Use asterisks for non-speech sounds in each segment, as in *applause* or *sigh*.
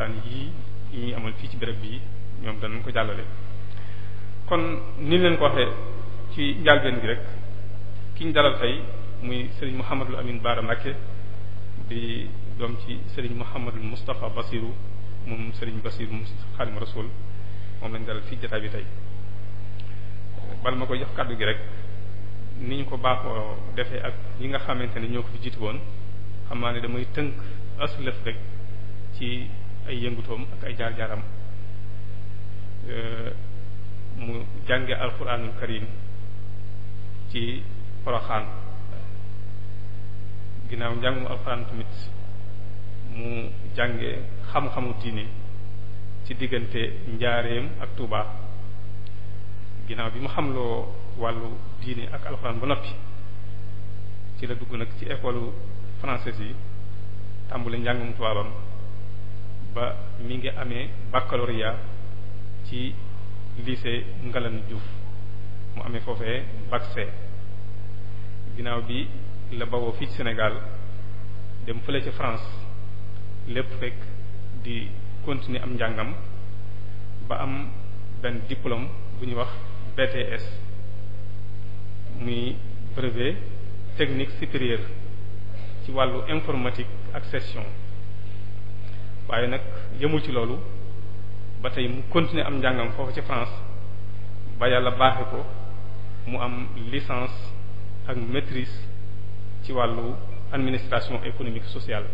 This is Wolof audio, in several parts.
waxtaan yi yi ñuy amal fii ci béréb bii ñoom danañ ko jàllale kon ni leen ko waxee ci njàlbeen gi rek ki ñu dalal tey muy sëriñ Mouhamadul Amin Baara Mbacké di doom ci sëriñ Mouhamadul Moustapha Bassirou moom sëriñ Bassirou moom Xaadimu Rasuul moom lañ dalal fii jotaay bi tey bal ma koy jox kàddu gi rek ni ñu ko baaxoo defee ak yi nga xamante ne ñoo ko fi jiitu woon xam naa ne damay tënk aslëf rek ci ay yëngutoom ak ay jaar-jaaram euh, mu jànge alquranul karim ci poroxaan ginnaaw njàngum alquran tamit mu jànge xam-xamu diine ci diggante njaareem ak Touba ginnaaw bi mu xamloo wàllu diine ak alxuraan ba noppi ci la dugg nag ci école française yi tàmbali njàngum tubaabam ba mi ngi amee baccalauréat ci lycée Ngalandou Diouf mu amee foofee bac C ginnaaw bi la bawoo fii Sénégal dem fële ca France lépp rek di continuer am njàngam ba am benn diplôme bu ñuy wax BTS muy brevet technique supérieur ci wàllu informatique ak session waaye nag yëmul ci loolu ba tey mu continuer am njàngam foofu ci France ba yàlla baaxe ko mu am licence ak maîtrise ci wàllu administration économique sociale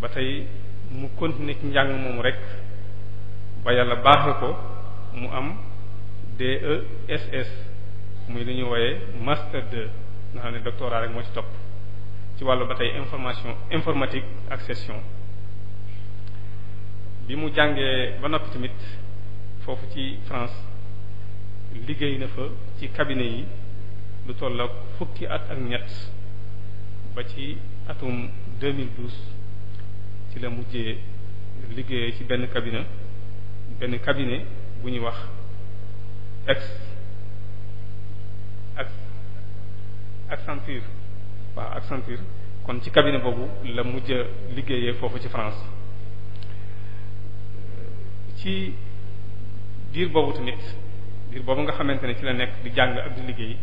ba tey mu continuer ci njàng moomu rek ba yàlla baaxe ko mu am DESS muy lu ñuy wooyee master 2 na xam ne doctorat rek moo ci topp ci wàllu ba tey information informatique ak session bi mu jàngee ba noppi tamit foofu ci France liggéey na fa ci cabinet yi lu toll ak fukki at ak ñett ba ci atum 2012 ci la mujjee liggéey ci benn cabinet benn cabinet bu ñuy wax ex ak Accenture baax ak Accenture kon ci cabinet boobu la mujj liggéeyee foofu ci France ci diir boobu tamit diir boobu nga xamante ne ci la nekk di jàng ak di liggéey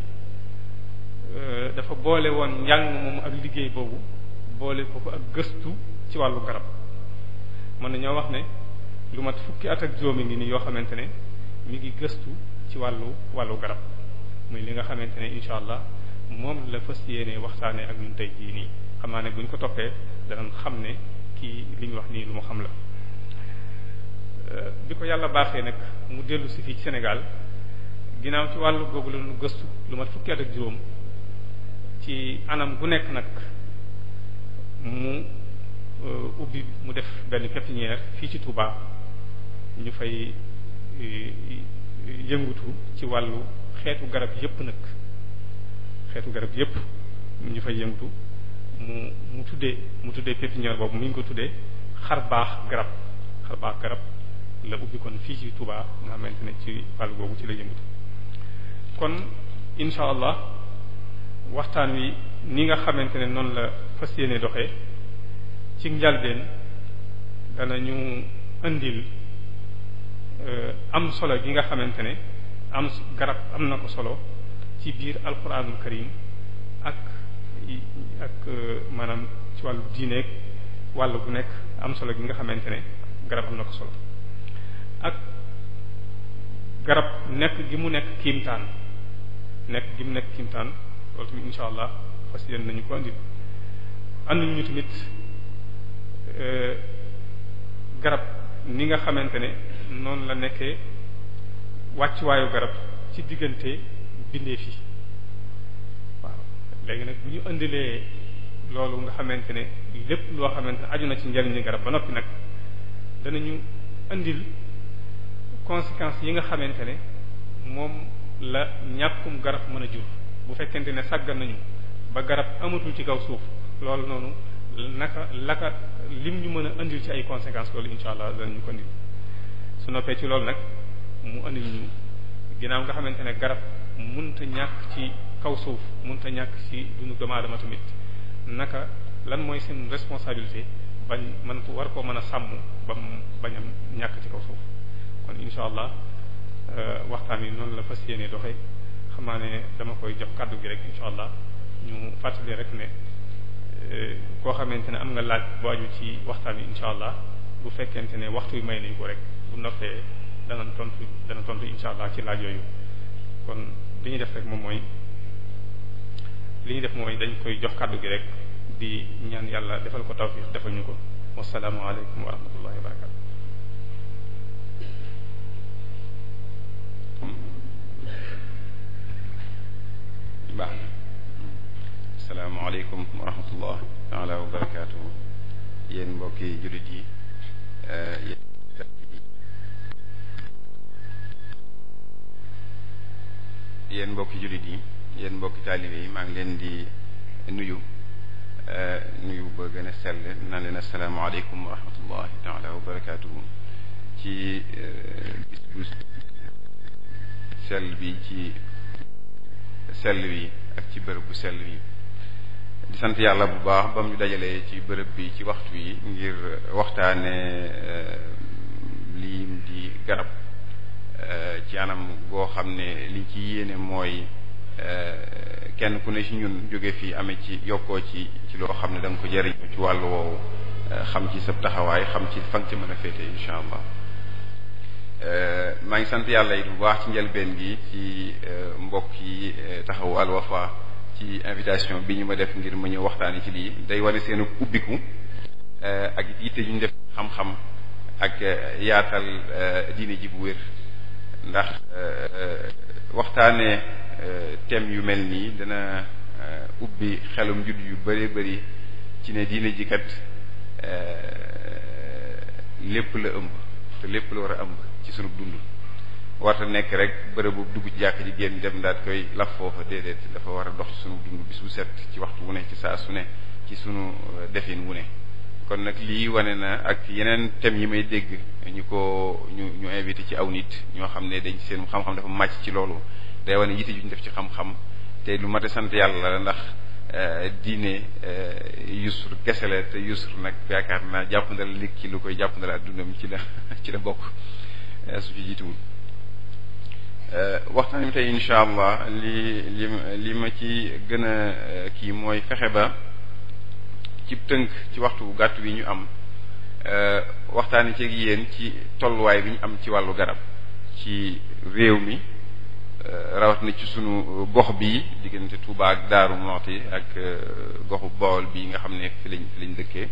euh, dafa boole woon njàng moom ak liggéey boobu boole ko ko ak gëstu ci wàllu garab mën nañoo wax ne lu mat fukki at ak juróomi ngi nii yoo xamante ne mi ngi gëstu ci wàllu wàllu garab muy li nga xamante ne incha allah moom la fas yéene waxtaanee ak ñun tey jii nii xam naa ne bu ko toppee dana xam ne kii li ñu wax nii lu mu xam la. Euh, bi ko yàlla baaxee nag mu dellu si fii ci Sénégal ginnaaw ci wàllu googu la ñu gëstu lu ma fukki at ak juróom ci anam gu nekk nag mu euh, ubbi mu def benn pépinière fii ci Touba ñu fay euh, yëngutu ci wàllu xeetu garab yépp nag. xeetu garab yépp ñu fay yëngatu mu mu tuddee mu tuddee pépinière boobu mu ngi ko tuddee xar baax garab xar baax garab la ubbi kon fii ci tubaa nga xamante ne ci wàll boobu ci la yëngatu kon incha allah waxtaan wi ni nga xamante ne noonu la fas yéene doxe ci njalbeen ñu indil euh, am solo gi nga xamante ne am garab am na ko solo ci biir alquranul karim ak ak e, maanaam ci wàllu diineeg wàll bu nekk am solo gi nga xamante ne garab am na ko solo ak garab nekk gi mu nekk kiimtaan nekk gi mu nekk kiimtaan loolu tamit insha allah fas yéen nañu ko andi andi ñu tamit e, garab ni nga xamante ne noonu la nekkee wàccuwaayu garab ci diggante bindee fi waaw léegi nag bu ñu indilee loolu nga xamante ne lépp loo xamante ne aju na ci njariñu garab ba noppi nag danañu indil conséquences yi nga xamante ne moom la ñàkkum garab mën a jur bu fekkente ne sàggan nañu ba garab amatul ci kaw suuf loolu noonu naka laka lim ñu mën a indil ci ay conséquences loolu incha allah danañu ko indil su noppee ci loolu nag mu indil ñu ginnaaw nga xamante ne garab ta ñàkk ci kaw suuf munta ñàkk ci dundu doomu aadama tamit naka lan mooy seen responsabilité bañ man ko war koo mën a sàmm ba mu bañ ñàkk ci kaw suuf kon insha allah euh, waxtaan yi noonu la fas yéene doxe xam naa ne dama koy jox kàddu gi rek insha allah ñu fàttali rek ne euh, koo xamante ne am nga laaj bu aju ci waxtaan yi insha allah bu fekkente ne waxtu yu may nañu ko rek bu noppee dana tontu dana tontu insha allah ci laaj yooyu kon li ñu def rek moom mooy li ñu def mooy dañ koy jox kàddu gi rek di ñaan yàlla defal ko tawfiq defal ñu ko wasalaamu aleykum wa rahmatullahi wa barakatu baax na asalaamaaleykum wa rahmatullah taala wa barakatuhu yi eh, yéen mbokki jullit yi yéen mbokki taalibe yi maa ngi leen di eh, nuyu eh, nuyu ba gën a sell naan leen asalaamaaleykum wa rahmatullahi taala wa barakaatuhu ci eh, bis sell bi ci sell bi ak ci bërëb bu sell bi di sant yàlla bu baax ba mu dajalee ci bërëb bi ci waxtu yi ngir waxtaane lii di garab Euh, ci anam goo xam ne li ci yéene mooy euh, kenn ku ne ci ñun jóge fii amee ci yokkoo ci ci loo xam ne da ko jëriñu ci wàllu woowu euh, xam ci sab taxawaay xam ci fan ci mën a féete incha allah maa ngi sant yàlla it bu baax ci njëlbeen gi ci mbokk yi taxawu Al Wafa ci invitation bi ñu ma def ngir ma ñëw waxtaani ci lii day wane seen ubbiku ak yitte ñu def xam-xam ak yaatal diine ji bu wér ndax euh, waxtaanee euh, thème yu mel nii dana euh, ubbi xelum judd yu bëree bëri ci ne diine ji lépp la ëmb te lépp la war a ëmb ci sunu dund warta nekk rek bërëbu dugg ci jàkk ji génn dem daal koy laf foofa déedéet dafa war a dox ci sunu dund bis bu set ci waxtu wu ne ci saa su ne ci sunu defin wu ne kon nag lii wane na ak yeneen thèmes yi may dégg ñu ko ñu ñu invité ci aw nit ñoo xam ne dañ seen xam-xam dafa màcc ci loolu day wane yitte ju def ci xam-xam te lu ma a sant yàlla la ndax euh, diine euh, yusr kese la te yusr nag yaakaar naa jàppandal nit ki lu koy jàppandal addunam ci la *laughs* ci la bokk euh, su ci jiituwul waxtaan bi tey incha allah li li ma ci gën a kii mooy fexe ba ci tënk ci waxtu gàtt wi ñu am euh, waxtaani ceeg yéen ci tolluwaay bi ñu am ci wàllu garab ci réew mi euh, rawat na ci sunu gox bii diggante Touba ak Daaru Muxti ak euh, goxu Bawol bi nga xam ne fi lañ fi lañ dëkkee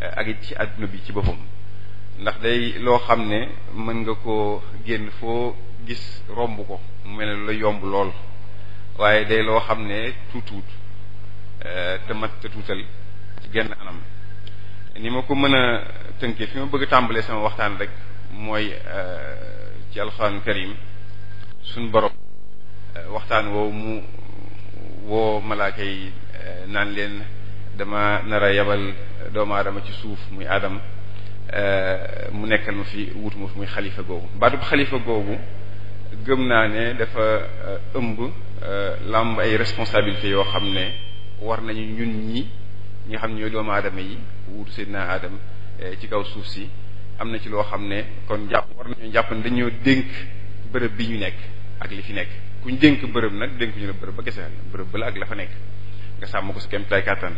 ak ci àdduna bi ci boppam ndax day loo xam ne mën nga ko génn foo gis romb ko mu mel la yomb lool waaye day loo xam ne tuutuut te mat te genn anam ni ma ko mën a tënkee fi ma bëgg a tàmbalee sama waxtaan rek mooy euh, ci alxuraan karim suñ borom euh, waxtaan woowu mu woo malaaka yi euh, naan leen dama nar a yabal doomu aadama ci suuf muy aadam mu nekkal ma fi wut ma fi muy xalifa googu baatub xalifa googu gëm naa ne dafa ëmb làmb ay responsabilités yoo xam ne war nañu ñun ñi ñi xam ne ñooy doomu aadama yi wuutu Seydina Adam eh, ci kaw suuf si am na ci loo xam ne kon jàpp war nañoo dañoo dénk bërëb bi ñu nekk ak li fi nekk ku dénk bërëb nag dénk ñu la bërëb ba kese bërëb ba la ak la fa nekk nga sàmm ko si kem tay kàttan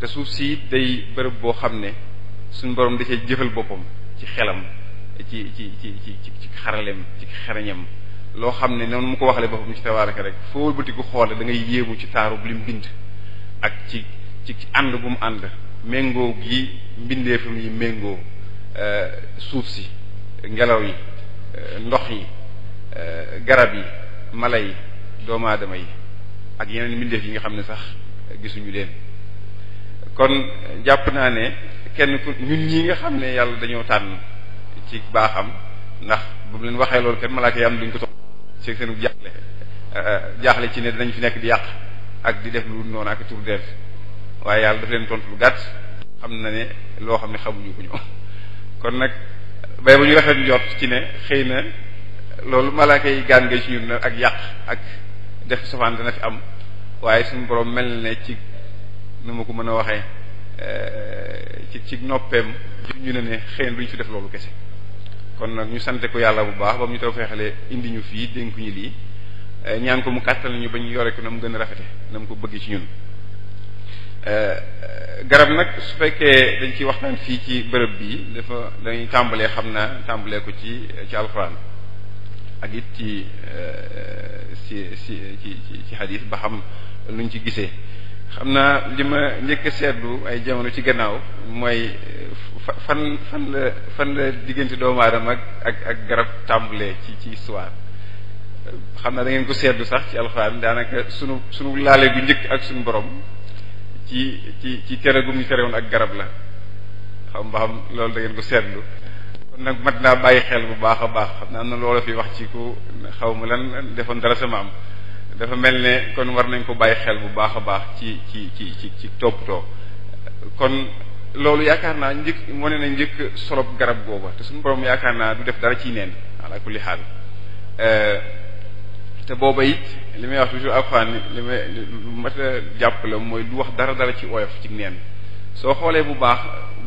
te suuf si day bërëb boo xam ne suñ boroom da cee jëfal boppam ci xelam ci ci ci ci ci xaralem ci xereñam loo xam ne noonu mu ko waxale boppam ci tabaaraka rek foo wëlbatiku xoole da ngay yéemu ci taarub lim bind ak ci ci ànd gu ànd méngoo gi mbindeefam yi méngoo euh, suuf si ngelaw yi euh, ndox yi euh, garab yi mala yi doomu aadama yi ak yeneen mbindeef yi nga xam ne sax gisuñu leen kon jàpp naa ne kenn ku ñun ñi nga xam ne yàlla dañoo tànn ci baaxam ndax bu mu leen waxee loolu kenn malaaka yi am duñ ko toog seeg seen jaaxle jaaxle ci ne dinañ fi nekk di yàq ak di def lu noonu ak tur def waaye yàlla daf leen tontu lu gàtt xam na ne loo xam ne xamuñu ko ñoom kon nag bay bu ñu rafet njort ci ne xëy na loolu malaaka yi gaan nga ci ñun na ak yàq ak def sofaan dana fi am waaye suñu borom mel ne ci nu ma ko mën a waxee eh, ci ci noppeem ñu ne ne xëy na duñ fi def loolu kese kon nag ñu sante ko yàlla bu baax ba mu ñu te feexale indi ñu fii dénku ñu lii eh, ñaan ko mu kàttal ñu ba ñu yore ko na mu gën a rafete na mu ko bëgg ci ñun Euh, garab nag su fekkee dañ ciy waxtaan fii ci bërëb bii dafa dañuy tàmbalee xam naa tàmbalee ko ci ci alxuraan ak it ci si euh, si ci ci xadiis ba xam luñ ci gisee xam naa li ma njëkk a seetlu ay jamono ci gannaaw mooy euh, fan fan la fan la diggante doomu ak ak garab tàmbalee ci ci histoire xam naa dangeen ko seetlu sax ci alxuraan daanaka sunu sunu laale bu njëkk ak sunu borom ci ci ci tere gu mu ak garab la xam ba loolu da ko seetlu kon nag mat naa bàyyi xel bu baax a baax xam naa am na loola fi wax ci ku xaw ma lan defoon dara sama am dafa mel ne kon war nañ ko bàyyi xel bu baax a baax ci ci ci ci ci toppatoo kon loolu yaakaar naa njëkk wane na njëkk solob garab googa te suñu borom yaakaar naa du def dara ciy neen ala kulli xaal euh, te booba it li may wax toujours alxuraan li may mat a jàpp la mooy lu wax dara dara ci oyof ci neen soo xoolee bu baax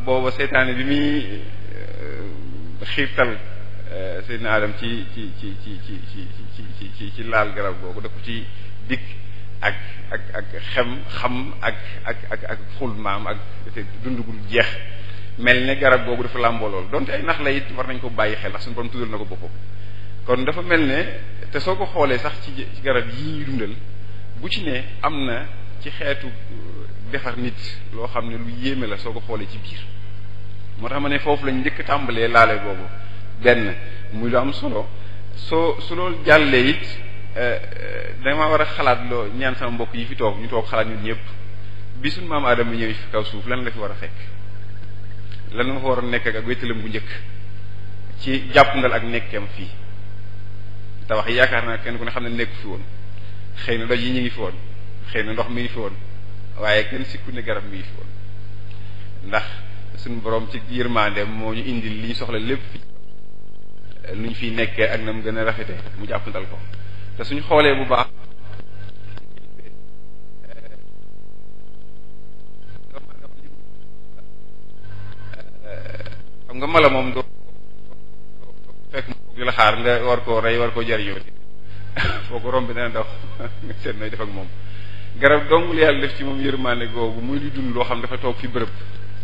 booba seytaane bi muy euh, xiirtal euh, Seydina Adam ci ci ci ci ci ci ci ci ci laal garab boobu da ko ci dikk ak ak ak xem xam ak ak ak ak xul maam ak dundugul jeex mel ne garab boobu dafa làmboo lool donte ay nax la it war nañ ko bàyyi xel ndax suñu borom tuddal na ko boppam kon dafa mel ne te soo ko xoolee sax ci garab yi ñuy dundal bu ci ne am na ci xeetu uh, defar nit loo xam ne lu yéeme la soo ko xoolee ci biir moo tax ma ne foofu lañ njëkk tàmbalee laale boobu benn muy lu am solo soo su loolu jàllee it uh, uh, dama war a xalaat loo ñaan sama mbokk yi fi toog ñu toog xalaat ñun ñëpp bi suñ maam aadama ñëwee fi kaw suuf lan la fi war a fekk lan ma fa war a nekk ak wéttalam bu njëkk ci jàpp ndal ak nekkeem fii tabax yi yaakaar naa kenn ku ne xam ne nekku fi woon xëy na doj yi ñu ngi fi xëy na ndox mi ngi fi woon waaye kenn sikku ne garab mi fi woon ndax suñu boroom ci yërmande moo ñu indi li ñu soxla lépp nu ñu fiy nekkee ak na mu gën a rafete mu jàppandal ko te suñu xoolee bu baax xam nga mala moom doo fekk la xaar nga war koo rey war koo jariñoo foo ko romb dana dox nga seet nooy def moom garab dong li yàlla def ci moom yërmaane googu muy lu dund loo xam dafa toog ci bërëb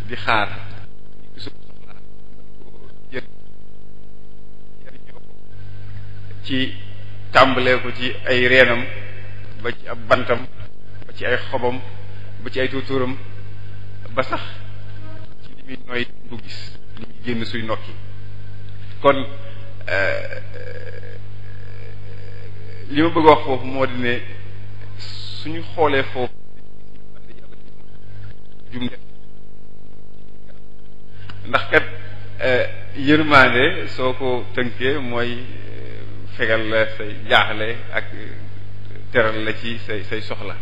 di xaar ci tàmbalee ko ci ay reenam ba ci ab bantam ba ci ay xobam ba ci ay tuuturam ba sax ci li muy nooy gis li génn suy nokki kon li ma bëgg wax foofu moo di ne suñu xoolee foofu ndax kat eh, yërmaande soo ko tënkee mooy eh, fegal la say jaaxle ak eh, teral la ci say say soxla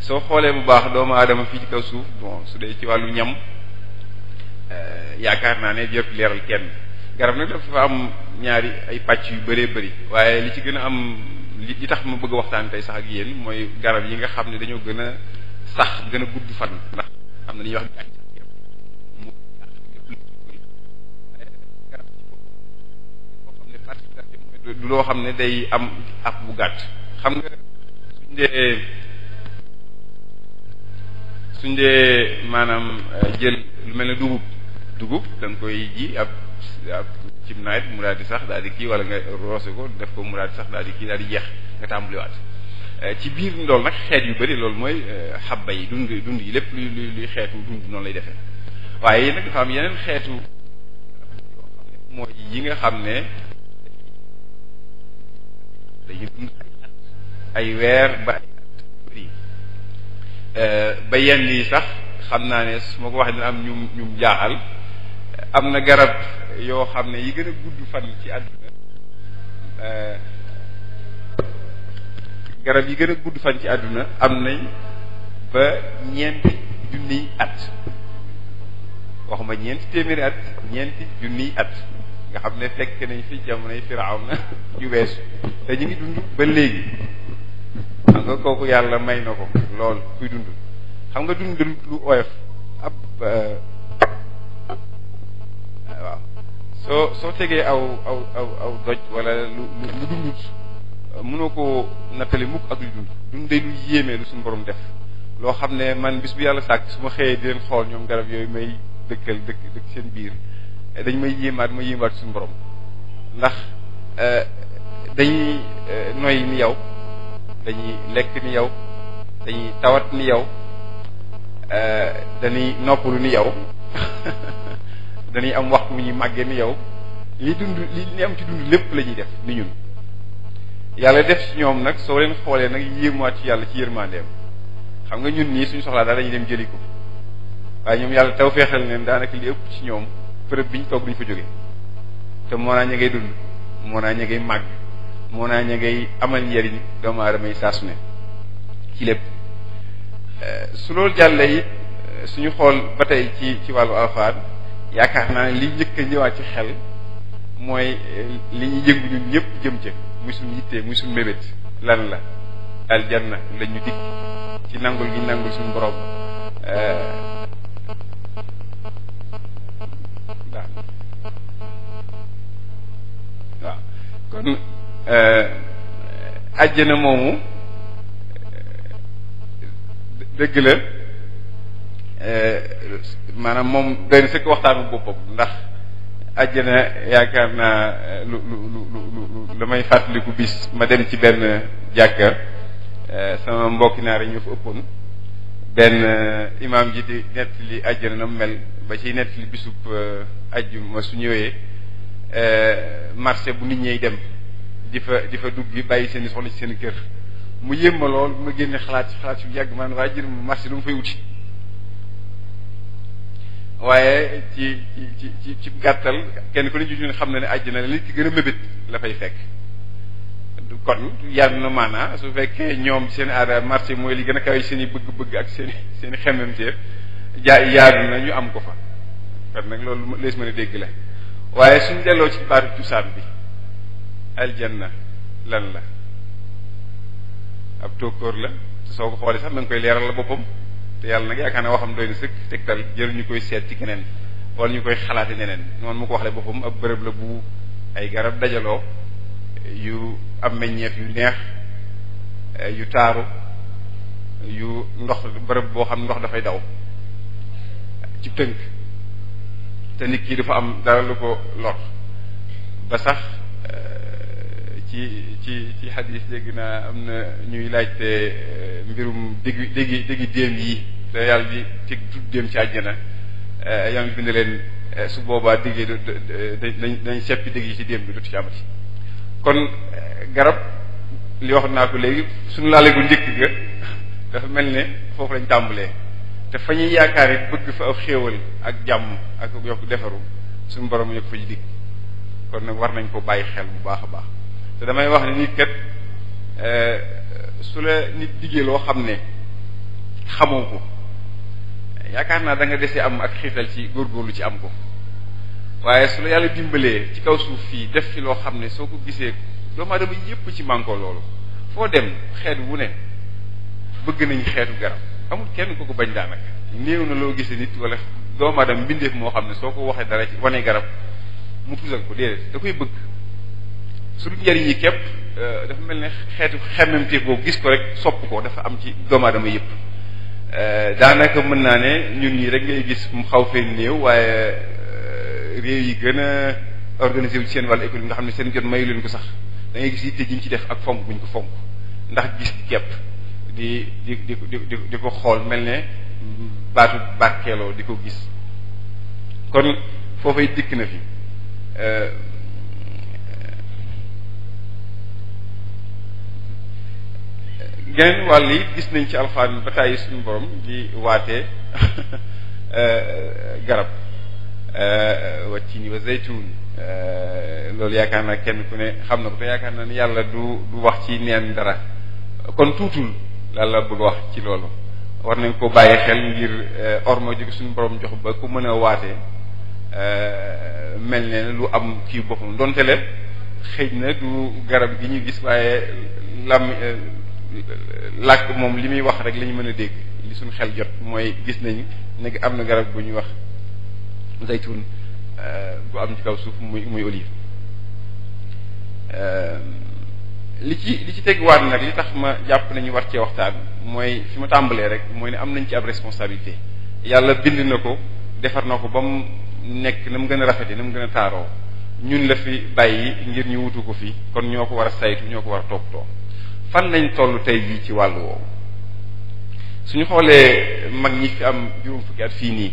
soo xoolee bu baax doomu aadama fii ci kaw suuf bon su dee ci wàllu ñam yaakaar naa ne yëpp leeral kenn garab nag dafa am ñaari ay pàcc yu bëree bëri waaye li ci gën a am li tax ma bëgg waxtaan tey sax ak yéen mooy garab yi nga xam ne dañoo gën a sax gën a gudd fan ndax am na li ñuy wax xam ne day am ab bu gàtt xam nga suñ dee suñ dee maanaam eh, jël lu mel ne dugub dugub da koy ji ab ab cib nawet mu daal di sax daal di kii wala nga roose ko def ko mu di sax daal di kii daal di jeex nga tàmbaliwaat eh, ci biir loolu nag xeet yu bari loolu mooy eh, xabba yi dund dund yi lépp luy luy luy xeetu dund noonu lay defee waaye nag dafa am yeneen xeetu mooy yi nga xam ne dañuy ay weer ba ay eh, ba yenn yi sax xam naa ne su ma ko waxee dina am ñum ñum jaaxal am na garab yoo xam ne yi gën a gudd fan ci àdduna eh, yi gën a gudd fan ci àdduna am nañ ba ñeenti junniy at waxuma ñeenti téeméeri at ñeenti junniy at nga xam ne fekk nañ fi jamonoy Firawna *laughs* yu weesu te ñu ngi dund ba léegi xam nga kooku yàlla may na ko lool kuy dund xam nga dund lu oyof eh, soo soo tegee aw aw aw doj wala lu lu dundut mënoo ko nattali mukk ak lu dund dund day lu yéeme lu suñu borom def loo xam ne man bis bu yàlla sàkk su ma xëyee di leen xool ñoom garab yooyu may dëkkal dëkk dëkk seen biir eh, dañ may yéemaat ma yéemaat suñu borom ndax eh, dañuy eh, noy ni yow dañuy lekk ni yow dañuy tawat ni yow dañuy noppalu ni yow *laughs* dañuy am wax ku ñu màggee ni yow li dund li dund lépp la ñuy def ni ñun yàlla def ci ñoom nag soo leen xoolee nag yéemaat ci yàlla ci yërmandeem xam nga ñun nii suñu soxlaa daal dañuy dem jëli ko waaye ñoom yàlla taw feexal leen daanaka li ëpp ci ñoom bërëb biñ toog duñ fa jóge te moo naa ña ngay dund moo naa ña ngay màgg moo naa ña ngay amal njariñ doomu aadama yi ne ci lépp euh, su loolu jàllee it euh, suñu xool ba tey ci ci wàllu alxuraan yaakaar naa li njëkk a ñëwaat ci xel mooy eh, li ñu yëngu ñun ñëpp jëm ca muy suñu yittee muy suñu mébét lan la aljanna la ñu dikk ci nangul gi nangul suñu borom eh, waaw waaw kon eh, àjjana moomu dëgg la Eh, maanaam moom doy na sëkk waxtaanu boppam ndax àjjana yaakaar naa eh, lu lu lu lu damay fàttaliku bis ma dem ci benn jàkka eh, sama mbokki naar yi ñu fa ëppoon benn imaam ji di nettali àjjana na mu mel ba ciy nettali bisub àjjuma su ñëwee marché bu nit ñey dem di fa di fa dugg bàyyi seen i soxla ci seen kër mu yéem ma lool bu ma génne xalaat ci xalaat yu yàgg man waa mu marché lu mu fay wuti waaye ci ci ci ci gàttal kenn ku ne ci ñun xam na ne àjjana la li ci gën a mébét la fay fekk du kon yàlla na maanaa su fekkee ñoom seen aada marché mooy li gën a kawe seeni i bëgg-bëgg ak seen seeni seen i xemmemteef jaay yaadu na ñu am ko fa kon nag loolu lees ma a dégg la waaye suñ delloo ci baatu cosaan bi aljanna lan la ab tóokóor la soo ko xoolee sax na koy leeral la boppam yàlla nag yaakaar ne waxam doy na sëkk tegtal jël ñu koy seet ci keneen wala ñu koy xalaati neneen noonu mu ko waxle boppam ab bërëb la bu ay garab dajaloo yu am meññeef yu neex yu taaru yu ndox bërëb boo xam ndox dafay daw ci tënk te nit kii dafa am dara lu ko lor ba sax ci ci ci xadis dégg naa am na ñuy laajte euh, mbirum dégg dégg dégg déem yi te yàlla di teg déem ci àjjana euh, yàlla bind leen euh, su boobaa dégg dañ dañ seppi dégg ci déem bi dootu ci amati kon garab li wax naa ko léegi suñu laale gu njëkk ga *laughs* dafa mel ne foofu lañ tàmbalee te fa ñuy yaakaar it bëgg fa aw xéewal ak jàmm ak yokk defaru suñu borom yokk fa ji dikk kon nag war nañ ko bàyyi xel bu baax a baax te damay wax ni nit kat euh, su la nit diggee loo xam ne xamoo ko yaakaar naa danga nga desee am ak xiital ci góorgóorlu ci am ko waaye su la yàlla dimbalee ci kaw suuf fii def fi loo xam ne soo ko gisee doomu aadama yépp ci mànkoo loolu foo dem xeet wu ne bëgg nañ xeetu garab amul kenn ku ko bañ daanaka néew na loo gisee nit wala doomu aadama mbindeef moo xam ne soo ko waxee dara ci wane garab mu tusal ko déedéet da koy bëgg suñu njariñ yi képp euh, dafa mel ne xeetu xemmemte boobu gis ko rek sopp ko dafa am ci doomu aadama yëpp euh, daanaka mën naa ne ñun ñi rek ngay gis mu xaw fee néew waaye euh, réew yi gën a organisé wu ci seen wàllu économie nga xam ne seen jot mayu leen ko sax da ngay gis yitte ji ñu ci def ak fonk buñ ko fonk ndax gis képp di di di di di ko xool mel ne baatu bàkkeeloo di ko gis kon foofay dikk na fi geneen wàll yi gis nañ ci alxuraan ba tàyyi suñu borom di waate *laughs* euh, garab euh, waccini wa zaytun euh, loolu yaakaar naa kenn ku ne xam na ko te yaakaar naa ni yàlla du du wax ci neen dara kon tuutul yàlla bëgg wax ci loolu war nañ ko bàyyi xel ngir orma jox ba ku mën a waatee mel ne lu am kii boppam donte le xëy na du garab gi ñu gis waaye lam làkk moom li muy wax rek lañu mën a dégg li suñ xel jot mooy gis nañu ne am na garab bu ñuy wax zaytun euh, bu am ci kaw suuf muy muy olive euh, li ci li ci teguwaat nag li tax ma jàpp nañu war cee waxtaan mooy fi ma tàmbalee rek mooy ne am nañ ci ab responsabilité yàlla bind na ko defar na ko ba mu nekk na mu gën a rafet rafete na mu gën a taaroo ñun la fi bàyyi ngir ñu wutu ko fi kon ñoo ko war a saytu ñoo ko war a toppatoo fan lañ toll tey bii ci wàllu woowu suñu xoolee mag ñi fi am juróom fukki at fii nii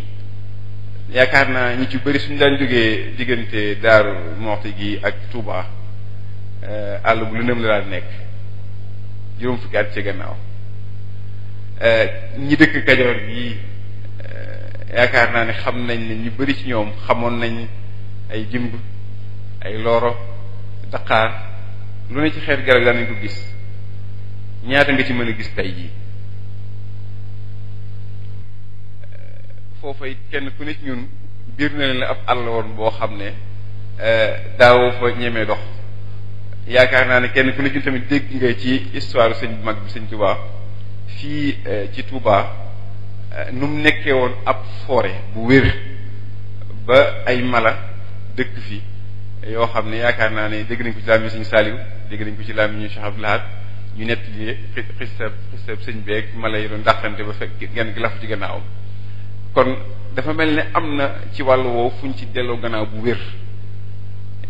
yaakaar naa ñi ci bëri suñu daan jógee diggante Daaru Muxti gi ak Touba eh, àll bu lëndëm la daan nekk juróom fukki at ci gannaaw eh, ñi dëkk Kajoor gi eh, yaakaar naa ne xam nañ ne ñu bari ci ñoom xamoon nañ ay jimb ay looro daqaar lu ne ci xeet garab daan nañ ko gis ñaata nga ci mën a gis tey jii foofay kenn ku ne ci ñun biir na leen ab àll woon boo xam ne eh, daawoo fa ñemee dox yaakaar naa ne kenn ku ne ci ñun tamit dégg nga ci histoire sëñ bu mag bi sëñ Touba fii eh, ci Touba eh, nu mu nekkee woon ab foore bu wér ba ay mala dëkk fi yoo xam ne yaakaar naa ne dégg nañ ko ci làmmiñu sëñ Saliou dégg nañ ko ci làmmiñu Cheikh Abdoul Ahad ñu nett li xisab xisab sëñ beeg mala yi doon dàqante ba fekk genn gi lafu ci gannaawam kon dafa mel ne am na ci wàllu woowu fu ñu ci delloo gannaaw bu wér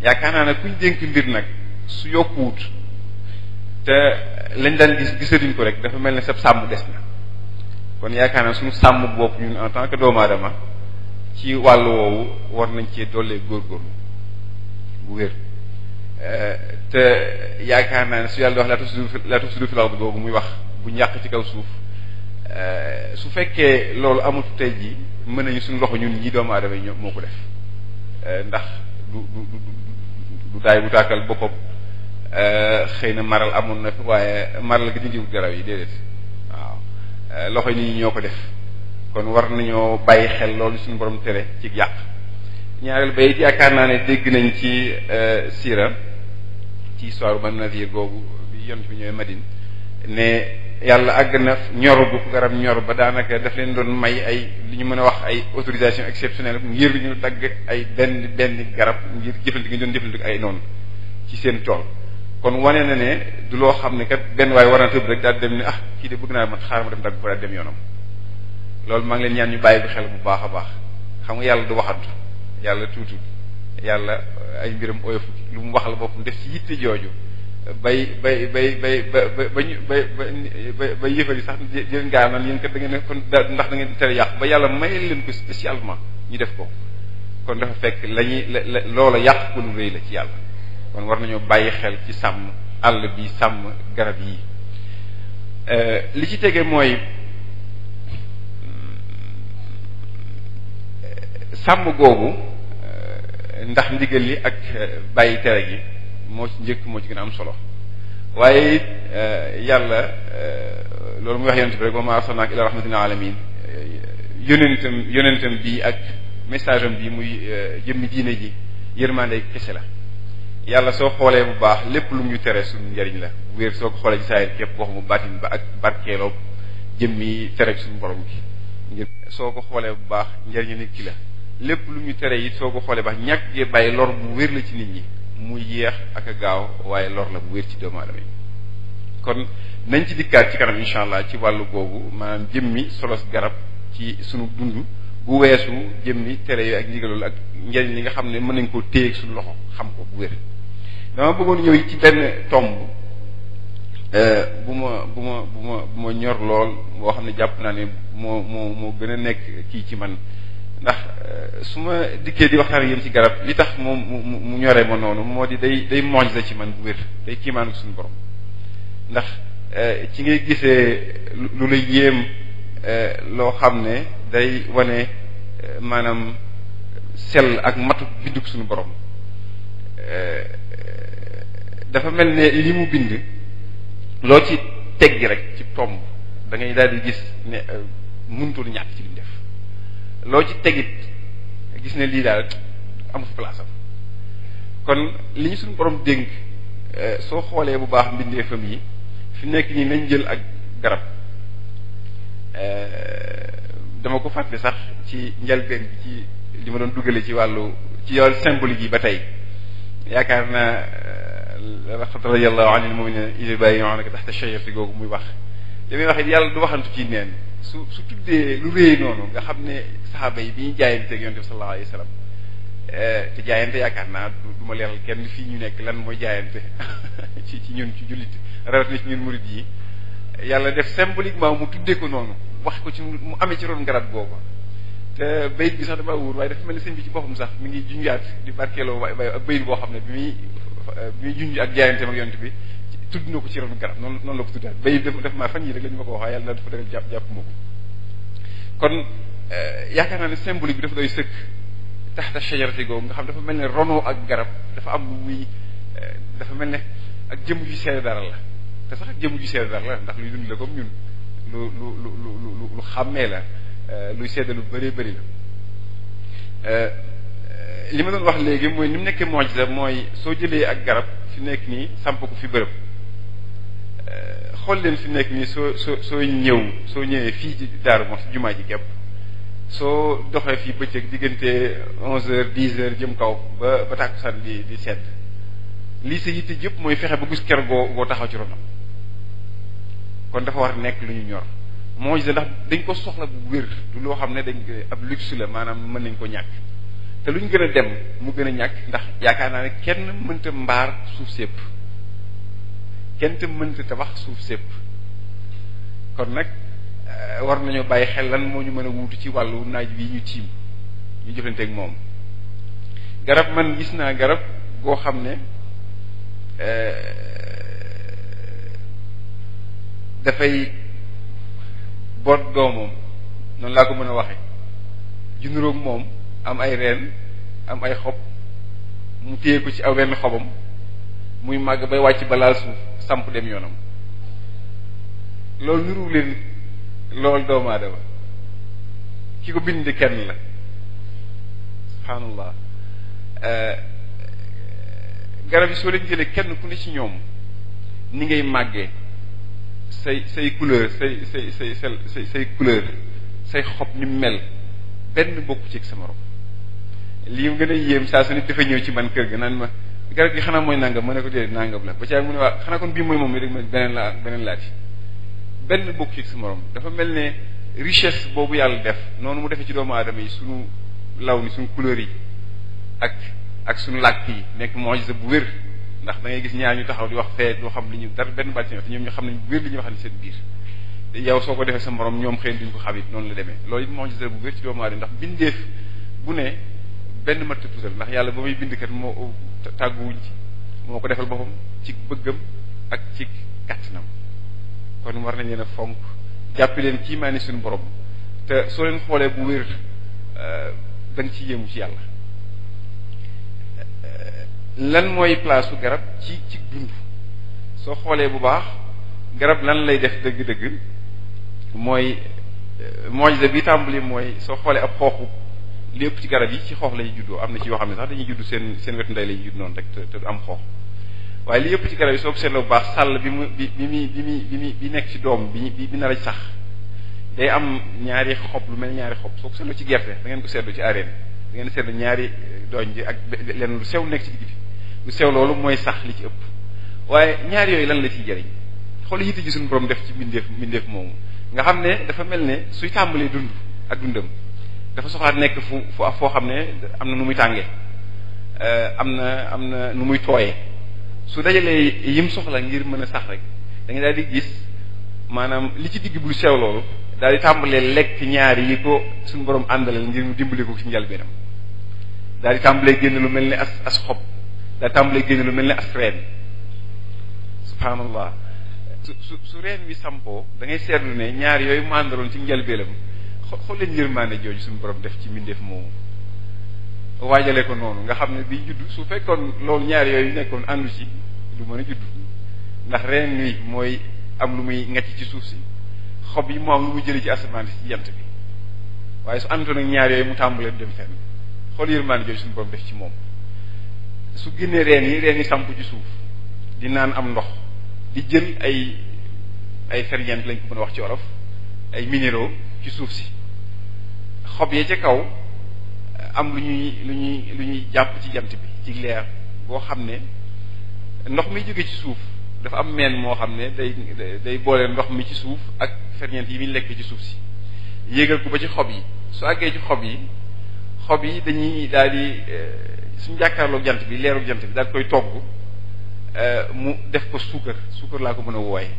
yaakaar naa ne kuñ dénk mbir nag su yokkuwut te lañ daan gis gisatuñ ko rek dafa mel ne sab sàmm des na kon yaakaar naa suñu sàmm bopp ñun en tant que doomu aadama ci wàllu woowu war nañ cee dollee góorgóorlu bu wér te yaakaar naa ne su yàlla di wax laa tufsidu laa tufsidu fil ardi googu muy wax bu ñàkk ci kaw suuf eh, su fekkee loolu amul tey jii mën nañu suñ loxo ñun ñi doomu aadama yi ñoo moo ko def eh, ndax du du du daay bu tàkkal boppam eh, xëy na maral amoon na fi waaye maral gi dindiwul garaw yi déedéet waaw loxo nit ñi ñoo ko def kon war nañoo bàyyi xel loolu suñu borom tere ci yàq ñaareel ba it yaakaar naa ne dégg nañ ci siira ci histoire ban Nadir boobu yont bi ñooy Madine ne yàlla àgg na ñor gu garab ñor ba daanaka daf leen doon may ay lu ñu mën a wax ay autorisation exceptionnelle ngir ñu dagg ay benn benn garab ngir jëfandikoo ñu doon jëfandikoo ay noonu ci seen tool. kon wane na ne du loo xam ne kat benn waaye war na tëb rek daal dem ne ah kii de bëgg naa man xaaral ma dem dagg ko daal dem yoonam loolu maa nga leen ñaan ñu bàyyi ko xel bu baax a baax xam nga yàlla du waxantu yàlla tuuti. yàlla ay mbiram oyof lu mu waxal boppam def ci yitte jooju bay bay bay ba ba ba ñu ba ba ba yëfar yi sax jël ngaa naan yéen kat da ngeen kon ndax da ngeen tere yàq ba yàlla may leen ko spécialement ñu def ko kon dafa fekk la ñuy yàq ko lu rëy la ci yàlla kon war nañoo bàyyi xel ci sàmm àll bi sàmm garab yi euh, li ci tege mooy sàmm googu ndax ndigal li ak eh, bàyyi tere gi moo ci njëkk moo ci gën a am solo waaye it eh, yàlla eh, loolu muy wax yonent bi rek wa ma arsalnaaka illa rahmatil alamin yonentam yonentam bii ak message am bii muy jëmmi diine ji yërmande kese la yàlla soo xoolee bu baax lépp lu mu ñu tere suñu njariñ la wéer soo ko xoolee ci képp wax mu baatin ba ak barkeeloo jëmmi tere suñu borom gi soo ko xoolee bu baax njariñu nit ki la lépp lu ñu tere yi soo ko xoolee ba ñàkk gee bàyyi lor bu wér la ci nit ñi mu yéex ak a gaaw waaye lor la bu wér ci doomu aadama kon nañ ci dikkaat ci kanam incha allah ci wàllu googu maanaam jëmmi solos garab ci sunu dund bu weesu jëmmi tere yi ak ndigaloolu ak njëriñ li nga xam ne mën nañ koo téye ak loxo xam ko bu wér dama bëggoon ñëw ci benn tomb euh, bu ma bu ma bu ma bu ma ñor lool moo xam ne jàpp naa ne moo moo moo gën a nekk kii ci man ndax euh, su ma dikkee di waxtaan yéen ci garab li tax mu mu mu ñoree ma noonu moo di day day mooj la ci man bu wér day kiimaanu suñu borom ndax euh, ci ngay gisee lu la yéem euh, loo xam ne day wane maanaam sel ak matu bindug suñu borom dafa mel ne li mu bind loo ci teggi rek ci tomb dangay ngay daal di gis ne mënutul ñàkk ci li mu def loo ci tegit gis ne lii daal amu fi kon li ñu suñu borom dénk euh, soo xoolee bu baax mbindeefam yi fi nekk nii nañ jël ak garab euh, dama ko fàtte sax ci njalbeen bi ci li ma doon duggale ci wàllu ci yoon symbolique yi ba tey yaakaar naa laqad euh, radiyallahu anil mu'minina idh yubayyi'unaka tahta shajarati googu muy wax li muy wax yàlla du waxantu ci neen su su tuddee lu réy noonu nga xam ne saxaaba yi bi ñu jaayante ak yonent bi sallallahu alayhi eh, te jaayante yaakaar naa du ma leeral kenn fii ñu nekk lan mooy jaayante *laughs* ci ci ñun ci jullit rawatina ci ñun murid yi yàlla def symboliquement mu tuddee ko noonu wax ko ci mu amee ci ron garab boobu te bayit bi sax dafa wóor waaye dafa mel ni sëñ bi ci boppam sax mu ngi junjaat di barkeeloo waaye ak bayit boo xam ne bi muy bi muy junj ak jaayante ak yonent bi tudd na ko ci ron garab noonu noonu la ko tuddaat bay def def maa fan yii rek la ñu ma ko wax waaye yàlla dafa def jàpp jàpp ma ko kon eh, yaakaar naa ne symbolique bi dafa doy sëkk taxta shajarati googu nga xam dafa mel ne ronoo ak garab dafa am lu muy eh, dafa mel ne ak jëmm ju seere dara la te sax ak jëmm ju seere dara la ndax luy dund la comme ñun lu lu lu lu xàmmee la eh, luy sedd lu bëree bëri la li ma doon wax léegi mooy ni mu nekkee mooy soo jëlee ak garab fi nekk nii samp ko fi bërëb xool leen fi nekk nii soo soo soo ñëw soo ñëwee fii ci Darou Moukhty jumaa ji képp soo doxee fii bëccëg diggante onze heures dix heures jëm kaw ba ba tàkkusaan di di sedd lii sa yitte yëpp mooy fexe ba gis ker goo taxaw ci ronam kon dafa war nekk lu ñu ñor moo gis ndax dañ ko soxla bu wér du loo xam ne dañ ab luxe la maanaam mën nañ ko ñàkk te lu ñu gën a dem mu gën a ñàkk ndax yaakaar naa ne kenn mënta mbaar suuf sépp jant mënta tabax suuf sépp kon nag eh, war nañoo bàyyi xel lan moo ñu mën a wuutu ci wàllu naaj wi ñu tiim ñu jëflanteeg moom garab man gis naa garab goo xam ne eh, dafay boot doomam noonu laa ko mën a waxe junuróog moom am ay reen am ay xob mu téye ko ci aw benn xobam muy màgg bay wàcc balaa suuf samp dem yoonam loolu nuru leen loolu doomu aadama ki ko bind kenn la subhaanallah eh, garab yi soo leen jëlee kenn ku ne ci ñoom ni ngay màggee say say couleur say say say say couleur say xob ni mel benn bokku ci sama morom lii mu gën a yéem saa su nit dafa ñëw ci man kër ga naan ma garab gi xanaa mooy nangam ma ne ko déedéet nangam la ba caa mu ne waa xanaa kon bii mooy moom mi rek ma benn bokk ci morom dafa mel ne richesse boobu yàlla def noonu mu defee ci doomu adama yi suñu law ni suñu couleur yi ak ak suñu làkk yi nekk mojisa bu wér ndax da ngay gis ñaar ñu taxaw di wax fee doo xam li ñu dara benn baat ci wax ñoom ñu xam nañ bu wér li ñu wax ne seen biir yow soo ko defee sa morom ñoom xëy duñ ko xam it noonu la demee loolu it mojisa bu wér ci doomu aadama ndax bindeef bu ne benn matt puusal ndax yàlla ba muy bind kat moo tàgguwuñ ci moo ko defal boppam ci bëggam ak ci kàttanam kon war nañ leen a fonk jàppi leen kii maa ni suñu borom te soo leen xoolee bu wér euh, da nga ci yéemu ci yàlla euh, lan mooy place garab ci ci dund soo xoolee bu baax garab lan lay def dëgg-dëgg mooy euh, mojda bi tàmbali mooy soo xoolee ab xooxu lépp ci garab yi ci xoox lañuy juddoo am na ci yoo xam ne sax dañuy judd seen seen wetu ndey lañuy judd noonu rek te du am xoox waaye li yëpp ci garab yi soo ko seetloo bu baax sàll bi mu bi bi muy bi muy bi nekk ci doom bi bi nar a sax day am ñaari xob lu mel ñaari xob soo ko ci gerte da ngeen ko seetlu ci areen ngeen seetlu ñaari doñ ji ak lenn lu sew nekk lu sew loolu mooy sax li ci ëpp waaye ñaari yooyu lan la ciy jëriñ xool yitte ji suñu borom def ci mbindeef mbindeef moomu nga xam ne dafa mel ne suy tàmbalee dund ak dundam dafa soxla nekk fu fu foo xam ne am na nu muy tàngee euh, am na am na nu muy tooyee su dajalee yi mu soxla ngir mën a sax rek da nga di gis maanaam li ci digg bu sew loolu daal di tàmbalee lekk ñaar yi ko suñu borom àndalal ngir mu dimbali ci njëlbeenam daal di tàmbalee génn lu mel ni as as xob daal tàmbalee génn lu mel ni as reen subhaanallah su su su reen wi sampoo da ngay seetlu ne ñaar yooyu màndaloon ci njëlbeenam xool leen yërmaane jooju suñu borom def ci mbindeef moomu waajale ko noonu nga xam ne biy judd fekkoon loolu ñaar yooyu nekkoon àndu ci du mën ndax mooy am lu muy ngacc ci suuf si xob yi moo jëlee ci asamaan si ci jant bi waaye su àndutoon ak ñaar yooyu mu tàmbalee dem fenn xool yërmaane jooju suñu borom def ci moom su génnee reen yi reen sampu ci suuf di naan am ndox di jël ay ay ferñeent lañ ko mën a wax ci olof ay minéraux ci suuf si xob ya ca kaw am lu ñuy lu ñuy lu ñuy jàpp ci jant bi ci leer boo xam ne ndox mi jóge ci suuf dafa am meen moo xam ne day day boole ndox mi ci suuf ak ferñeent yi muy lekk ci suuf si yéegal ko ba ci xob yi su àggee ci xob yi xob yi dañuy daal di eh, suñu jàkkaarloog jant bi leeru jant bi daal koy togg eh, mu def ko suukar suukar laa ko mën a wooye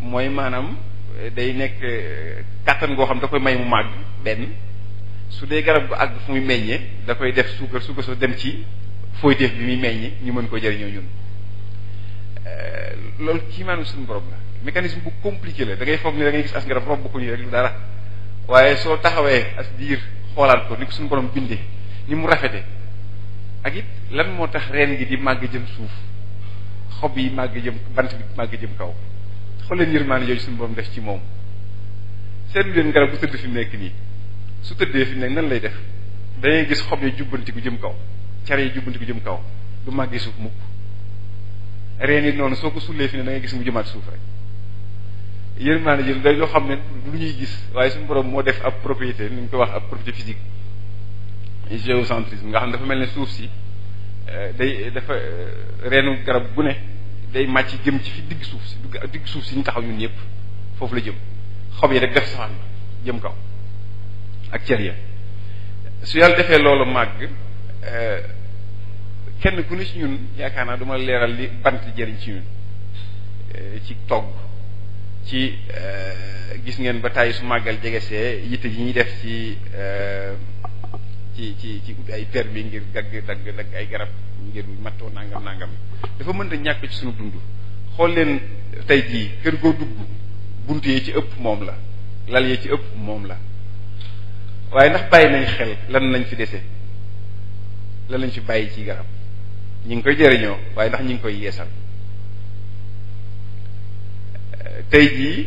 mooy maanaam eh, day nekk kàttan goo xam da koy may mu màgg benn su dee garab gu àgg fu muy meññee da koy def suukar suukar soo dem ci fooy def bi muy meññee ñu mën ko jëriñoo ñun euh, loolu kii maanaam suñu borom la mécanisme bu compliqué la da ngay foog ni da ngay gis as garab robb ko nii rek dara waaye soo taxawee as diir xoolaat ko ni ko suñu borom bindee ni mu rafete ak it lan moo tax reen gi di màgg jëm suuf xob yi màgg jëm bant bi màgg jëm kaw xool leen yërmaane yooyu suñu borom def ci moom seetlu leen garab bu tëdd nekk nii su tëddee fi ne nan lay def dangay gis xob yi jubbanti gu jëm kaw cere yi jubbanti gu jëm kaw du màggee suuf mukk reen yi noonu soo ko sullee fi ne da gis mu jëmaat suuf rek yërmaane jël day loo xam ne lu ñuy gis waaye suñu borom moo def ab propriété ni ñu ko wax ab propriété physique géocentrisme nga xam ne dafa mel ne suuf si euh, day dafa euh, reenu garab bu ne day màcc jëm ci fi digg suuf si digg suuf si ñu taxaw ñun ñëpp foofu la jëm xob yi rek def safaan jëm kaw ak cër ya su yàlla defee loolu màgg eh, kenn ku ne ci ñun yaakaar naa duma leeral li bant jëriñ ci ñun eh, ci togg ci eh, gis ngeen ba tàyyi su màggal jegesee yitte yi ñuy def ci ci ci ci ut ay permis ngir dagg dagg dagg ay garab ngir mattoo nangam nangam dafa mën a ñàkk ci suñu dund xool leen tey jii kër goo dugg bunt yee ci ëpp moom la lal yee ci ëpp moom la waaye ndax bàyyi nañ xel lan lañ fi dese lan lañ fi bàyyi ci garab ñi ngi koy jëriñoo waaye ndax ñi ngi koy yeesal tey jii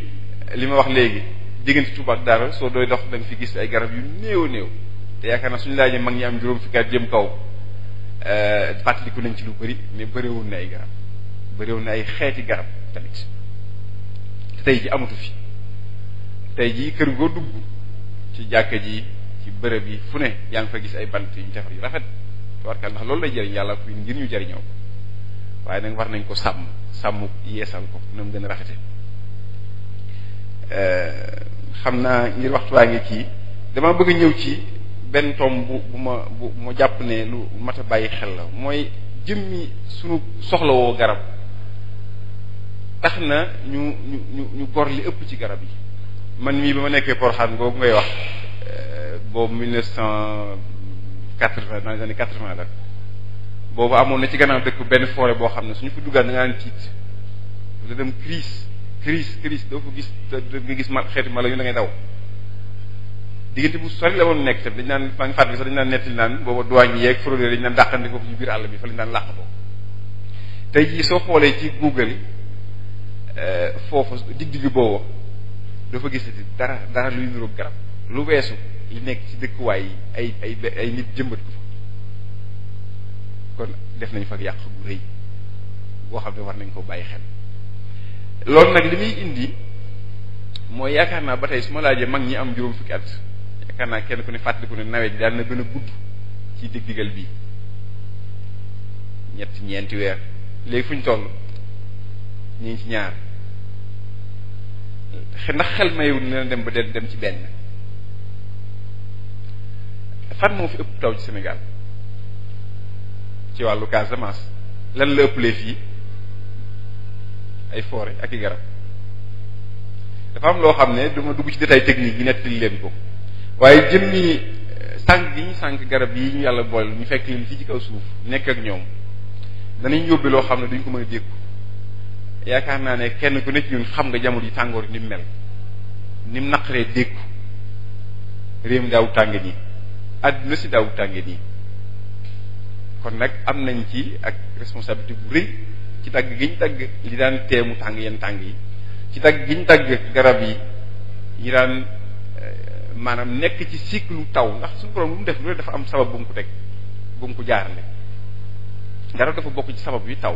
li ma wax léegi diggante Touba ak Daara soo doy dox da nga fi gis ay garab yu néew néew te na suñ laa laajee mag ñi am juróom fukki at jëm kaw euh, fàttaliku nañ ci lu bëri mais bëriwul na ay garab bëriwul na ay xeeti garab tamit te ji amatu fi tey ji kër goo dugg ci jàkka ji ci bërëb yi fu ne yaa ngi fa gis ay bant yu ñu defar yu rafet tubarkal ndax loolu lay jëriñ yàlla fi ngir ñu jëriñoo ko waaye nag war nañ ko sàmm sàmm yeesal ko na mu gën a rafete euh, xam naa ngir waxtu waa ngi kii dama bëgg a ñëw ci benn tom bu bu ma bu ma jàpp ne lu mat a bàyyi xel la mooy jëmmi sunu soxlawoo garab tax na ñu ñu ñu ñu gor li ëpp ci garab yi man mii ba ma nekkee Porokhane boobu ngay wax euh, boobu mille neuf cent quatre-vingt dans les années quatre-vingt la boobu amoon na ci gannaaw dëkk benn forêt boo xam ne suñu fa duggaan da nga daan tiit la dem crise crise crise doo ko gis nga gis ma xeeti mala yu da ngay daw diggante bu sori la woon nekk tam dañu naan maa ngi dañ sax dañu naan nettali naan booba douane yeeg fraudeur dañu naan dàqandi foofu ci biir àll bi fa lañu daan làqatoo tey jii soo xoolee ci Google euh, foofu digg dafa gisati dara dara luy niroog garab lu weesu li nekk ci dëkkuwaay yi ay ay nit jëmbat ko kon def nañ fa yàq gu rëy boo xam ne war nañ ko bàyyi xel loolu nag li muy indi mooy yaakaar naa ba tey su ma laajee mag ñi am juróom fukki at yaakaar naa kenn ku ne fàttaliku ne nawet daal na gën a gudd ci digg-diggal bii ñett ñeenti weer léegi fu ñu toll ñu ngi ci ñaar ndax xel mayewul ne dem ba del dem ci benn fan moo fi ëpp taw ci senegal ci wàllu Casamance lan la ëpp ëpplee fii ay foore ak i garab dafa am loo xam ne duma dugg ci détail technique yi nettali leen ko waaye jëm ni euh, sànq gi ñu sànq garab yi ñu yàlla bool ñu fekk leen fii ci kaw suuf nekk ak ñoom danañ yóbbe loo xam ne duñ ko mën a dékku yaakaar naa ne kenn ku nekk ñun xam nga jamono ji tàngoor ni mu mel ni mu naqaree dégg réew mi daaw tàng nii àdduna si daaw tàng nii kon nag am nañ ci ak responsabilité bu rëy ci dagg gi ñu dagg li daan teemu tàng yenn tàng yi ci dagg gi ñu dagg garab yi ñi daan eh, maanaam nekk ci cycle taw ndax suñu borom lu mu def lu dafa am sabab bu mu ko teg bu mu ko jaarale garab dafa bokk ci sabab yi taw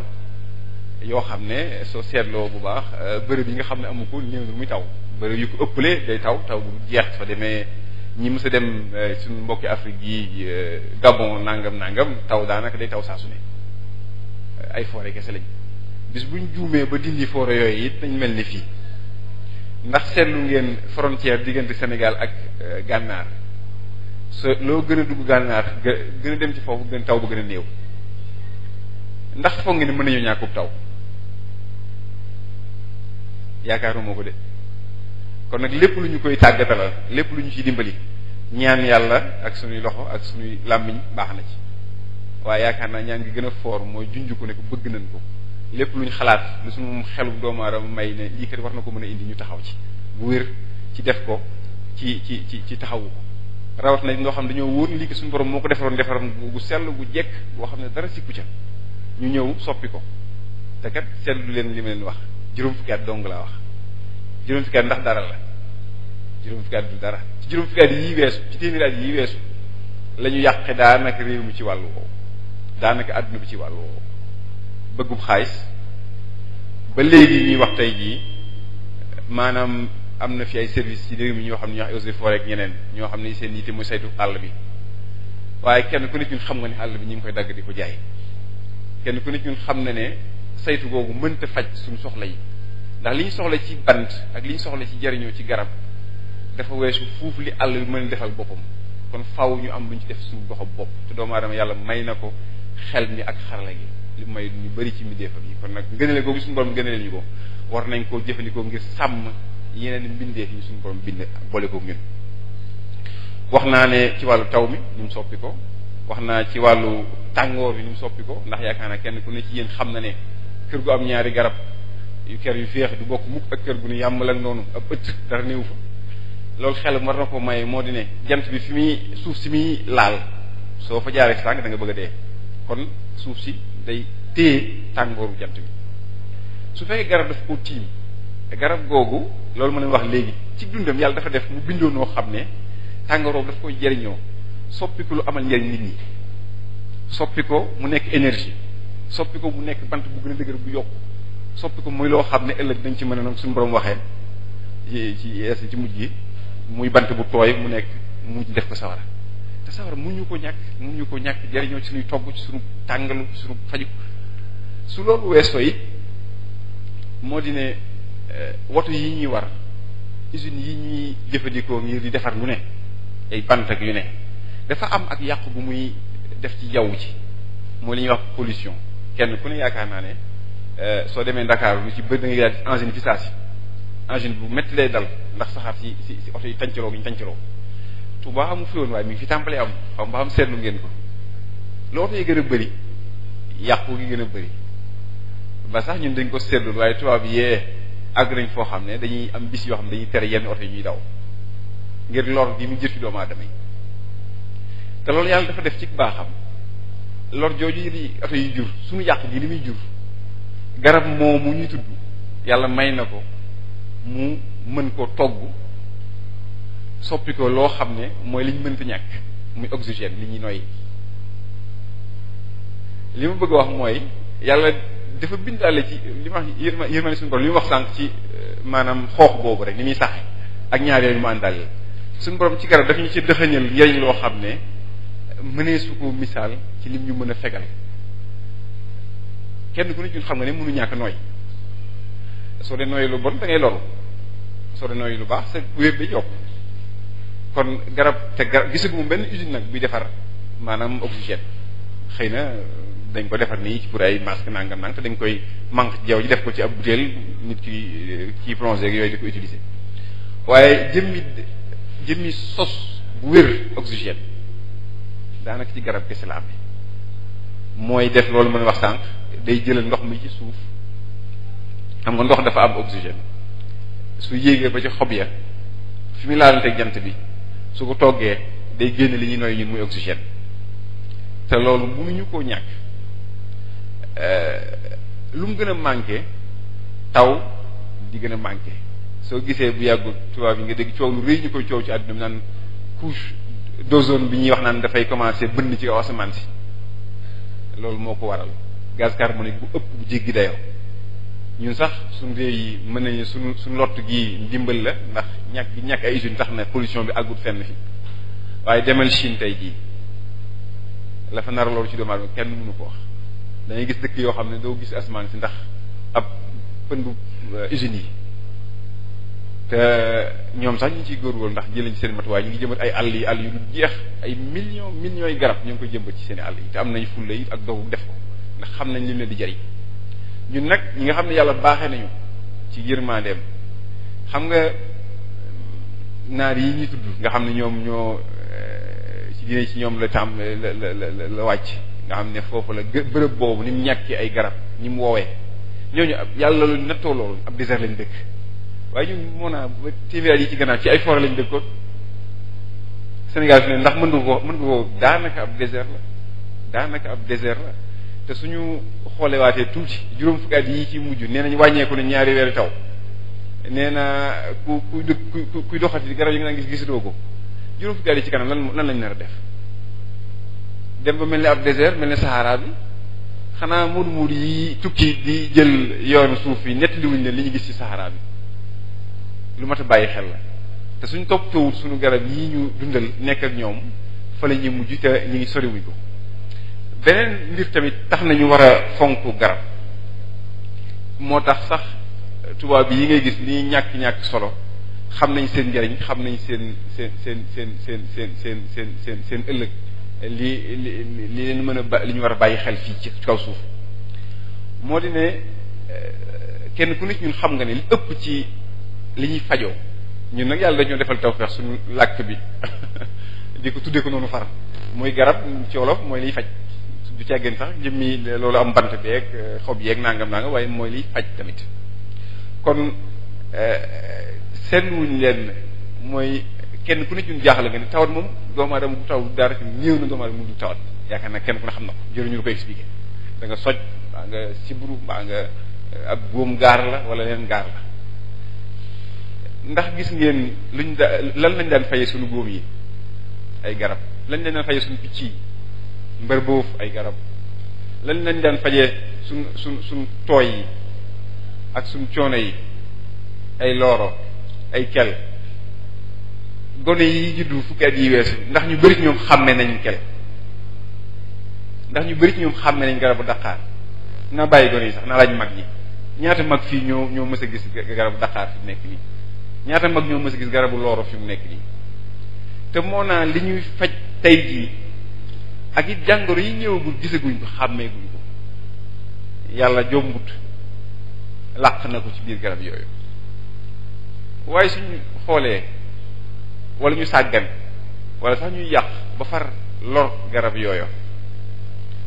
yoo xam ne soo seetloo bu baax euh, bërëb yi nga xam ne amu ko néew na muy taw bërëb yu ko ëppale day taw taw bu jeex fa demee ñi mës a dem euh, suñu mbokki Afrique yi euh, Gabon nangam nangam taw daanaka day taw saa su ay forêt kese lañ bis buñ juumee ba dindi forêt yooyu it dañ mel ni fii ndax seetlu ngeen frontière diggante Sénégal ak gànnaar so loo gën a dugg gànnaar gën a dem ci foofu gën taw ba gën a néew ndax foog ngeen mën na nañu ñàkkub taw yaakaaruma ko de kon nag lépp lu ñu koy tàggatalal lépp lu ñu ci dimbali ñaan yàlla ak suñuy loxo ak suñuy làmmiñ baax na ci waaye yaakaar naa ñaan gi gën a foor mooy junj ko ne ko bëgg nañ ko lépp lu ñu xalaat lu suñu xelu doomu aadama may ne lii kat war na ko mën a indi ñu taxaw ci bu wér ci def ko ci ci ci ci taxawu ko rawat na loo xam dañoo wóor ni lii suñu borom moo ko defaroon defaroon gu sell gu jekk boo xam ne dara sikku ca ñu ñëw soppi ko te kat seetlu leen li ma leen wax juróom fukki at dong laa wax juróom fukki ndax dara la juróom fukki du dara ci juróom fukki yi yii weesu ci téeméeri at yii weesu la ñu daanaka réew mi ci wàllu woowu daanaka àdduna bi ci wàllu bëggub xaalis ba léegi ñuy wax tey jii maanaam am na fi ay service ci réew mi ñoo xam ne ñoo xam eaux ñeneen ñoo xam ne seen yitte muy saytu àll bi waaye kenn ku nit ñun xam nga ne àll bi ñu ngi koy dagg di ko jaay kenn ku nit ñun xam na ne saytu googu mënta faj suñ soxla yi ndax li ñu soxla ci bant ak li ñu soxla ci jariñoo ci garab dafa weesu fuuf li àll bi mën defal boppam kon faw ñu am lu ñu ci def suñu goxab bopp te doomu aadama yàlla may na ko xel mi ak xarala gi li may ñu bari ci mbindeefam yi kon nag ngënale googu suñu borom ngënale ñu ko war nañ koo jëfandikoo ngir sàmm yeneen mbindeef yi suñ borom bind boole ko ñun wax naa ne ci wàllu taw mi ñu mu soppi ko wax naa ci wàllu tàngoor bi ñu mu ko ndax yaakaar naa kenn ku ne ci yéen xam na ne kër gu am ñaari garab yu ker yu feex du bokk mukk ak kër gu nu yàmb ak noonu ab ëtt dara néew fa loolu xel ma na ko may moo di ne jant bi fi muy suuf si muy laal soo fa jaaree sànq da nga bëgg a dee kon suuf si day téye tàngooru jant bi su fekkee garab daf ko tiim garab googu loolu ma leen wax léegi ci dundam yàlla dafa def mu bindoo noo xam ne tàngoor daf koy jëriñoo soppi ko lu amal njëriñ nit ñi soppi ko mu nekk énergie soppi ko mu nekk bant bu gën a dëgër bu yokku soppi ko muy loo xam ne ëllëg dañ ci mën a nag suñu borom waxee ci ci ci mujj gi muy bant bu tooy mu nekk mu def ko sawara te sawara mu ñu ko ñàkk mu ñu ko ñàkk jariñoo ci suñuy togg ci suñu tàngalu ci suñu faju su loolu weesoo moo di ne eh, woto yi ñuy war usines yi ñuy jëfandikoo ngir di defar lu ne ay bant ak yu ne dafa am ak yàqu bu muy def ci jaww ji moo li ñuy wax pollution kenn ku ne yaakaar naa ne euh, soo demee Dakar lu ci bëri da ngay daal engine fi engine bu métti lay dal ndax saxaar si si si oto yi tàncaloo gi ñu tàncaloo Touba amu fi woon waaye mi ngi fi tàmbalee am xaw ma xam seetlu ngeen ko loo oto yi gën a bëri yàqu gi gën a bëri ba sax ñun dañ ko seetlu waaye tubaab yee àgg nañ foo xam ne dañuy am bis yoo xam ne dañuy tere yenn oto yi ñuy daw ngir lor gi mu jër fi doomu aadama yi te loolu yàlla dafa def ci baaxam. lor jooju di oto yi jur suñu yàq gi li muy jur garab moomu ñuy tudd yàlla may na ko mu mën ko togg soppi ko loo xam ne mooy liñ ñu mënta ñàkk muy oxygène li ñuy noyyi li ma bëgg a wax mooy yàlla dafa bindaale ci li ma wax yërma yërmande suñu borom li mu wax sànq ci euh, maanaam xoox boobu rek ni muy sax ak ñaar yooyu mu àndaale suñu borom ci garab dafa ñu ci dëxëñal yëriñ loo xam ne mënee su ko misaal ci lim ñu mën a fegal kenn ku ne ñun xam nga ne mënu ñàkk nooy soo dee nooy lu bon da ngay soo dee nooy lu baax sa wér bi yokk kon garab te garab gisaguma benn usine nag buy defar maanaam oxygène xëy na dañ ko defar nii pour ay masque nangam nang te dañ koy manque jaw ji def ko ci ab butéel nit ki kii plongé ak yooyu di ko utiliser waaye jëmmi jëmmi sos bu wér oxygène daanaka ci garab kese la amee mooy def loolu mën wax sànq day jëlal ndox mi ci suuf xam nga ndox dafa am oxygène su yéegee ba ci xob ya fi mu laalanteeg jant bi su ko toggee day génn li ñuy noy ñun muy oxygène te loolu mënuñu koo ñàkk euh, lu mu gën a manqué taw di gën a manqué soo gisee bu yàggul tubaab yi nga dégg coow lu rëy ñu koy coow ci àdduna bi naan couche d'ozone bi ñuy wax naa naan dafay commencer bënn ci kaw asamaan si loolu moo ko waral gaz carbonique bu ëpp bu jéggi dayoo ñun sax suñ réew yi mën nañu suñu suñ lott gi ndimbal la ndax ñàkk ñàkk ay usines tax na pollution bi àggut fenn fi waaye demal Chine tey jii la fa nar loolu ci doomu aadama kenn mënu ko wax dañuy gis dëkk yoo xam ne doo gis asamaan si ndax ab pën bu euh, usines yi te ñoom sax ñu ci ciy góorgóorlu ndax jëliñ seen matuwaay ñu ngi jëmbat ay àll yi àll yu dul jeex ay million millions yi garab ñu ngi koy jëmbat ci seen àll yi te am nañ fulla ak dogu def ndax xam nañ li mu di jariñ ñun nag ñi nga xam ne yàlla baaxe nañu ci yërmandeem xam nga naar yi ñuy tudd nga xam ne ñoom ñoo eh, ci dinañ ci ñoom la tàmm la la la wàcc nga xam ne foofu la bërëb boobu ni mu ñàkkee ay garab ñi mu woowee ñooñu yàlla loolu nettoo loolu ab désert lañ dëkk waaye ñun mun a TVA yi ci gannaaw ci ay forêt lañu dëkkoon Sénégal fi ne ndax mën nga ko mën nga ko daanaka ab désert la daanaka ab désert la te suñu xoolewaatee tuuti juróom fukki at yi ci mujj nee nañ wàññeeku ne ñaari weeri taw nee na ku kuy dëkk kuy doxati yi nga naan ko juróom yi ci kanam lan lan lañ nar a def dem ba mel ni ab désert mel ni Sahara xanaa muur muur yi tukki di jël yoonu suuf yi nettaliwuñ leen li ñu gis ci Sahara bi lu mat a bàyyi xel la te suñ toppewut suñu garab yi ñu dundal nekk ñoom fa la mujj te ñu ngi soriwuñ ko beneen mbir tamit tax nañu war a fonk garab moo tax sax tubaab yi ngay gis ni ñàkk ñàkk solo xam nañ seen njariñ xam nañ seen seen seen seen seen seen seen seen seen seen ëllëg li li li leen mën a ba li ñu war a bàyyi xel fii ci kaw suuf moo di ne eh, kenn ku nekk ñun xam nga ne li ëpp ci li ñuy fajoo ñun nag yàlla dañoo defal tawfeex suñu làkk bi *laughs* di ko tuddee ko noonu far mooy garab ci wolof mooy liy faj du caggeen sax jëmmi loolu am bant beeg euh, xob yeeg nangam nangam waaye mooy liy faj tamit kon euh, seen wuñ leen mooy kenn ku ne ñun jaaxle nga ne tawat moom doomu aadama bu taw dara ci néew na doomu aadama mu du tawat yaakaar naa kenn ku ne xam na ko ñu la ko expliquer danga soj mbaa nga sibru mbaa nga euh, ab góom gaar la wala leen gaar la ndax gis ngeen luñ da lan lañ daan faye suñu góom yi ay garab lañ lañ daan faye suñu picc yi mbër boof ay garab lañ lañ daan faje suñ suñ suñ tooy yi ak suñ coono yi ay looro ay kel gone yi juddu fukki at yi weesu ndax ñu bari ci ñoom xàmme nañ kel ndax ñu bëri ci ñoom xàmme nañ garabu daqaar naa bàyyi gone yi sax naa laaj mag ñi ñaata mag fii ñoo ñoo mës a gis garabu daqaar fi nekk nii ñaata mag ñoo mës a gis garabu looro fi mu nekk nii te moo naa li ñuy faj tey jii ak it jàngoro yi ñëwagul gisaguñ ko xàmmeeguñ ko yàlla jombut làq na ko ci biir garab yooyu waaye suñu xoolee wala ñu sàggan wala sax ñuy yàq ba far lor garab yooyu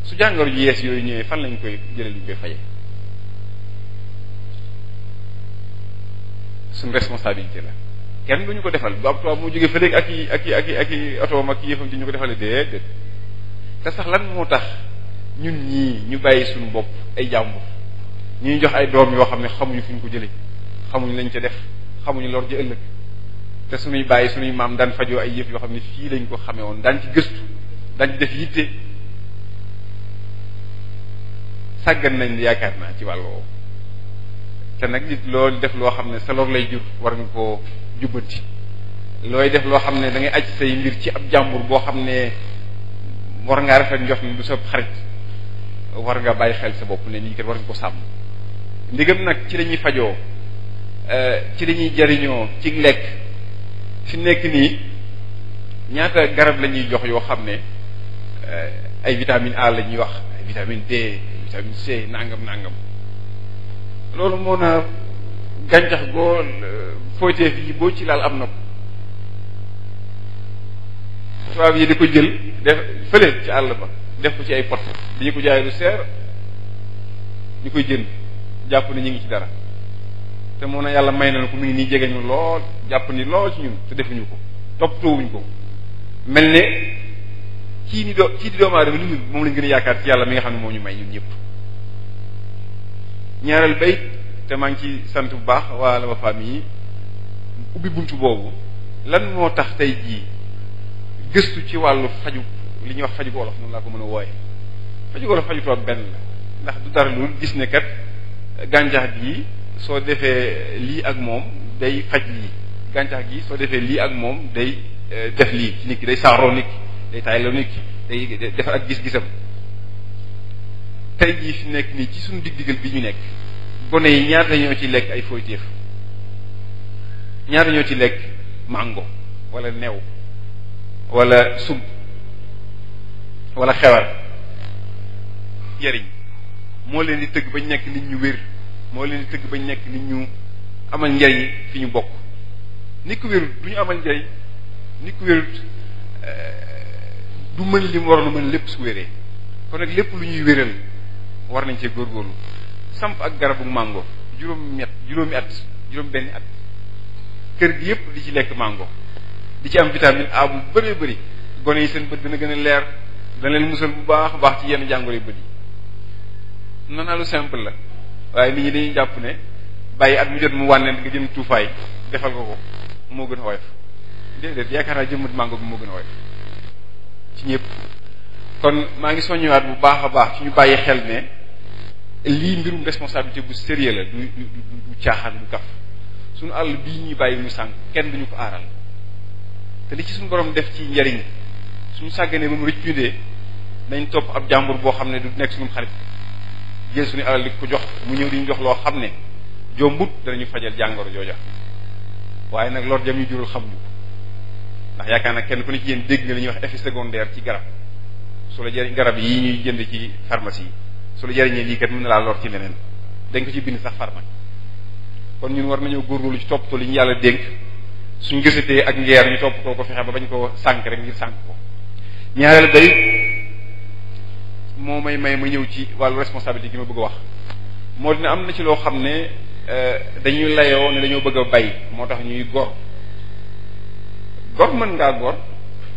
su jàngoro ji yees yooyu ñëwee fan lañu koy jëlee luñ koy faje suñu responsabilité la kenn ñu ko defal bu ab tubaab moo jógee fa léegi ak i ak i ak i ak i otoom ak i yëfam di ñu ko defalee déedéet te sax lan moo tax ñun ñii ñu bàyyi suñu bopp ay jàmbur ñuy jox ay doom yoo xam ne xamuñu fu ñu ko jëlee xamuñu lañu ca def xamuñu lor ji ëllëg te suñuy bàyyi suñuy maam daan fajoo ay yëf yoo xam ne fii lañ ko xamee woon daan ci gëstu daan ci def yitte sàggan nañ yaakaar naa ci wàll woowu te nag nit loolu def loo xam ne sa lor lay jur war nga koo jubbanti looy def loo xam ne dangay ngay aj say mbir ci ab jàmbur boo xam ne war ngaa rafet njox ne du sa xarit war nga bàyyi xel sa bopp ne lii kat war nga ko sàmm ndigam nag ci lañuy fajoo euh, ci lañuy jariñoo ci lekk fi nekk nii ñaata garab lañuy jox yoo xam ne euh, ay vitamine A la ñuy wax ay vitamine D vitamine C nangam nangam loolu moo naa gàncax goo footeef yi boo ci laal am na ko tubaab yi di ko jël def fële ci àll ba def ko ci ay pot dañu ko jaay lu seer ñu koy jënd jàpp ne ñu ngi ci dara te moo na yàlla may na ko mu ngi nii jege ñu lool jàpp ni lool ci ñun te defuñu ko toppatoowuñ ko mel ne kii ni doo kii di doomu li moom lañ gën a yaakaar ci yàlla mi nga xam ne moo ñu may ñun ñëpp ñaareel bay te maa ngi ci sant bu baax waa la Wafa mi ubbi buntu boobu lan moo tax tey jii gëstu ci wàllu faju li ñuy wax faju wolof noonu laa ko mën a wooye faju wolof faju tubaab benn la ndax du dara lu gis ne kat gàncax gi soo defee lii ak moom day faj lii gàncax gii soo defee lii ak moom day euh, def lii ci nikki ki day saaroo nit ki day taayloo nit day defar ak gis-gisam tey jii fi nekk nii ci suñu digdigal bi ñu nekk bone yi ñaata ñoo ci lekk ay fooyteef ñaata ñoo ci lekk mango walla new wala sump wala xewar jariñ moo leen di tëgg bañ nekk nit ñu wér moo leen di tëgg bañ nekk nit ñu amal njariñ fi ñu bokk nit ku wérut du ñu amal njariñ nit ku wérut euh, du mën li mu mën lépp su wéree kon nag lépp lu ñuy wéral war nañ cee góorgóorlu samp ak garabu mango juróom at juróomi at juróom benn at kër gi yépp di ci lekk mango di ci am vitamine A bu bëree bëri gone yi seen bët dina gën a leer dana leen musal bu baax a baax ci yenn jàngoro bët yi nanaa lu simple la waaye nit ñi dañuy jàpp ne bàyyi at mu jot mu wànneen nga jënd tuufaay defal ko ko moo gën a woyof déedéet yaakaar naa jëmbat mango bi moo gën a woyof ci ñëpp kon maa ngi soññiwaat bu baax a baax ci ñu xel ne lii mbirum responsabilité bu sérieux la du du du caaxaan du kaf suñu àll bii ñuy bàyyi mu sànq kenn ñu ko aaral te li ci suñu borom def ci njariñ suñu sàgganee ba mu rëccundee nañ topp ab jàmbur boo xam ne du nekk suñu xarit jël suñu alal di ko jox mu ñëw di ñu jox loo xam ne jombut danañu fajal jàngoro jooja waaye nag lor jam ñu jural xam ñu ndax yaakaar nag kenn ku ne ci yéen dégg nga li wax effet secondaire ci garab su la jëriñ garab yi jënd ci pharmacie su la jariñee lii kat mën na laa lor ci leneen dañ ko ci bind sax far nag kon ñun war nañoo góorgóorlu ci toppatoo li ñu yàlla dénk suñ gisatee ak ngeer ñu koo ko fexe ba bañ ko sànk rek ngir sànk ko ñaareel bay moo may may ma ñëw ci wàllu responsabilité gi ma bëgg wax moo dina am na ci loo xam ne euh, dañuy layoo ne dañoo bëgg a bay moo tax ñuy gor gor mën ngaa gor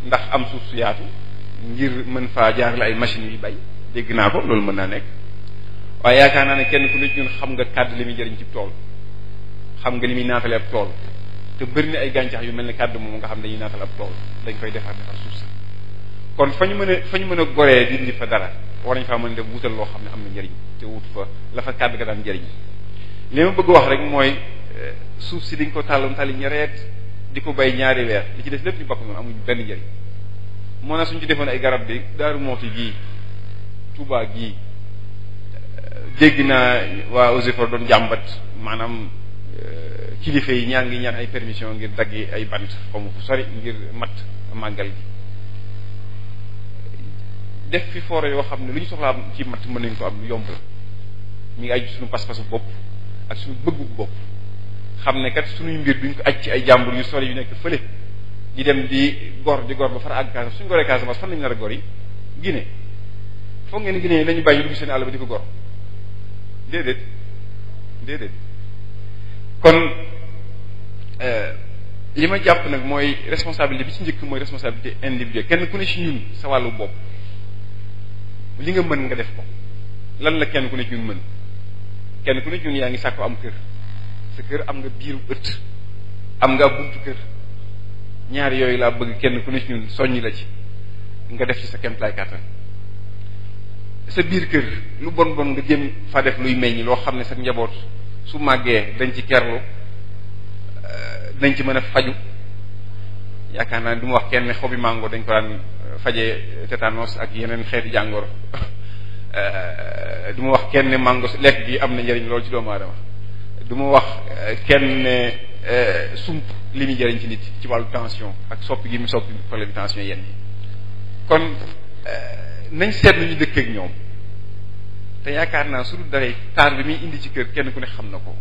ndax am suuf suyaatu ngir mën faa jaarale ay machines yi bay dégg naa ko loolu mën naa nekk waaye yaakaar naa ne kenn ku nekk ñun xam nga kàdd li muy jëriñ ci tool xam nga li muy naatale ab tool te bëri na ay gàncax yu mel ni kàddu moom nga xam ne dañuy naatal ab tool dañ koy defar defar suuf si kon fa ñu mën a fa ñu mën a goree dindi fa dara war nañ faa mën def wutal loo xam ne am na njëriñ te wut fa la fa kàddu daan njëriñ li ma bëgg wax rek mooy eh, suuf si dañ ko tàllum tali ñareet di ko bay ñaari weer li ci def lépp ñu bokk noonu amuñ benn njëriñ moo naa suñ ci defoon ay garab bi daaru moo fi gii Touba gii eh, dégg naa waa Oussefou doon jàmbat maanaam eh, kilifa yi ñaan ngi ñaan ay permission ngir daggi ay bant xamu fu sori ngir mat màggal gi def fi foore yoo xam ne lu ñu soxlaa ci mat mën nañ ko am lu yomb la mi ngi aj suñu pas-pasu bopp ak suñu bëggu bopp xam ne kat suñuy mbir duñ ko aj ci ay jàmbur yu sori yu nekk fële di dem di gor di gor ba far àgg Casamance suñ goree Casamance fan lañu nar a gor yi Guinée foog ngeen Guinée yi dañu bàyyi dugg seen àll ba di ko gor déedéet déedéet kon euh, li ma jàpp nag mooy responsabilité bi ci njëkk mooy responsabilité individuelle kenn ku ne ci ñun sa wàllu bopp li nga mën nga def ko lan la kenn ku ne ci ñun mën kenn ku ne ci ñun yaa ngi sàkku am kër sa kër am nga biiru ëtt am nga buntu kër ñaar yooyu laa bëgg kenn ku ne ci ñun soññ la ci nga def ci sa kemtalaay kàttan sa biir kër lu bon bon nga jëm fa def luy meññ loo xam ne sa njaboot su màggee dañ ci kerlu euh, dañ ci mën a faju yaakaar naa ne du ma wax kenn xobi mango dañ ko daan euh, fajee tétanos ak yeneen xeeti jàngoro euh, du ma wax kenn ne mango lekk gi am na njariñ loolu ci doomu aadama du ma wax kenn ne sump li muy jëriñ ci nit ci wàllu tension ak sopp gi mu soppi problème tension yenn yi kon nañ seet lu dëkk ak ñoom te yaakaar naa su dul daree taar bi muy indi ci kër kenn ku ne xam na ko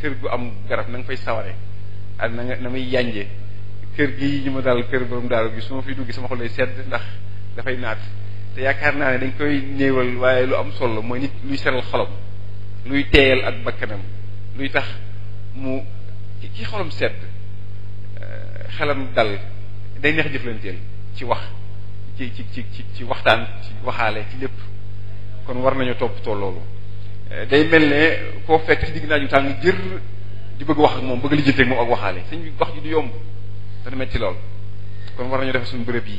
kër gu am garab na nga fay saware ak na nga na muy yànje kër gi ñu ma daal kër borom daaru gi su ma fiy dugg sama xol lay sedd ndax dafay naat te yaakaar naa ne dañ koy néewal waaye lu am solo mooy nit luy seral xolom luy teeyal ak bakkanam luy tax mu ki xolam sedd eh, xelam dal day neex jëflanteel ci wax ci ci ci ci ci waxtaan ci waxaale ci lépp kon war nañu toppatoo loolu eh, day mel ne koo fekk ci digg naaj yu tàng jër di bëgg wax ak moom bëgg lijjanti ak moom ak waxaale sëñ bi wax ji du yomb dana metti lool kon war nañu def suñu bërëb yi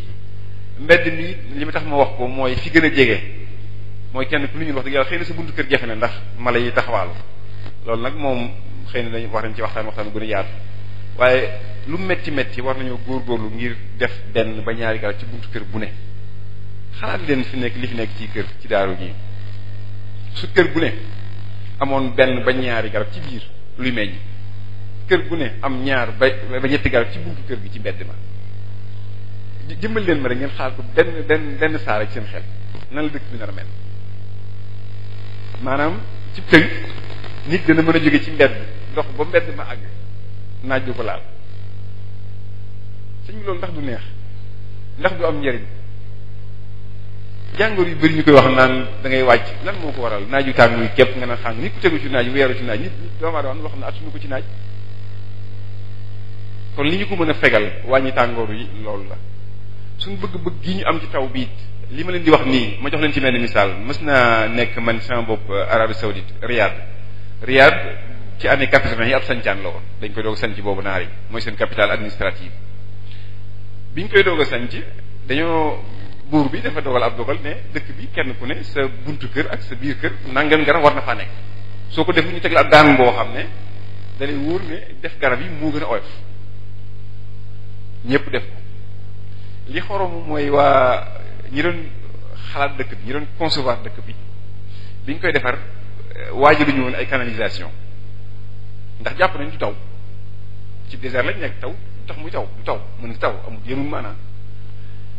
mbedd mi li ma tax ma wax ko mooy fi gën a jege mooy kenn ku lu ñu wax dëgg yàlla xëy na sa buntu kër jafe na ndax mala yi taxawaalu loolu nag moom xëy na dañu wax nañ ci waxtaan waxtaan bu gën a yaatu waaye lu métti métti war nañoo góor góorlu ngir def benn ba ñaari garab ci buntu kër bu ne xalaat leen fi nekk li fi nekk ci kër ci daaru gi su kër bu ne amoon benn ba ñaari garab ci biir luy meññ kër bu ne am ñaar ba ba ñetti garab ci buntu kër gi ci mbedd ma jëmbal leen ma rek ngeen xaar ko benn benn benn saara seen xel nan la dëkk bi nar a mel maanaam ci tënk nit dana mën a jóge ci mbedd ndox ba mbedd ma àgg naaj du ko laal sëñ loolu ndax du neex ndax du am njariñ jàngoor yi bëri ñu koy wax naan da ngay wàcc lan moo ko waral naaj naaju tàng yi képp nga ne xam nit ku tegu ci naaj weeru ci naaj nit doomu aadama loo xam ne attunu ko ci naaj kon li ñu ko mën a fegal wàññi tàngoor yi loolu la suñ bëgg-bëgg gi ñu am ci taw biit li ma leen di wax nii ma jox leen ci mel misaal mës naa nekk man sama bopp Arabie saoudite Riyad Riyad ci année quatre-vingt yi ab sancaan la woon dañ koy boobu naar yi mooy seen capitale administrative biñ koy doog a sanc dañoo buur bi dafa dogal ab dogal ne dëkk bi kenn ku ne sa buntu kër ak sa biir kër nangam garab war na fa nekk soo ko def ñu teg la ab daan boo xam ne dalay wóor ne def garab yi moo gën a oyof ñëpp def ko li xorom mooy waa ñi doon xalaat dëkk bi ñi doon concevoir dëkk bi biñ koy defar eh, waajaluñu woon ay canalisation ndax jàpp nañ du taw ci désert lañ nekk taw tax mu taw du taw mu ne taw amul yëngu maanaam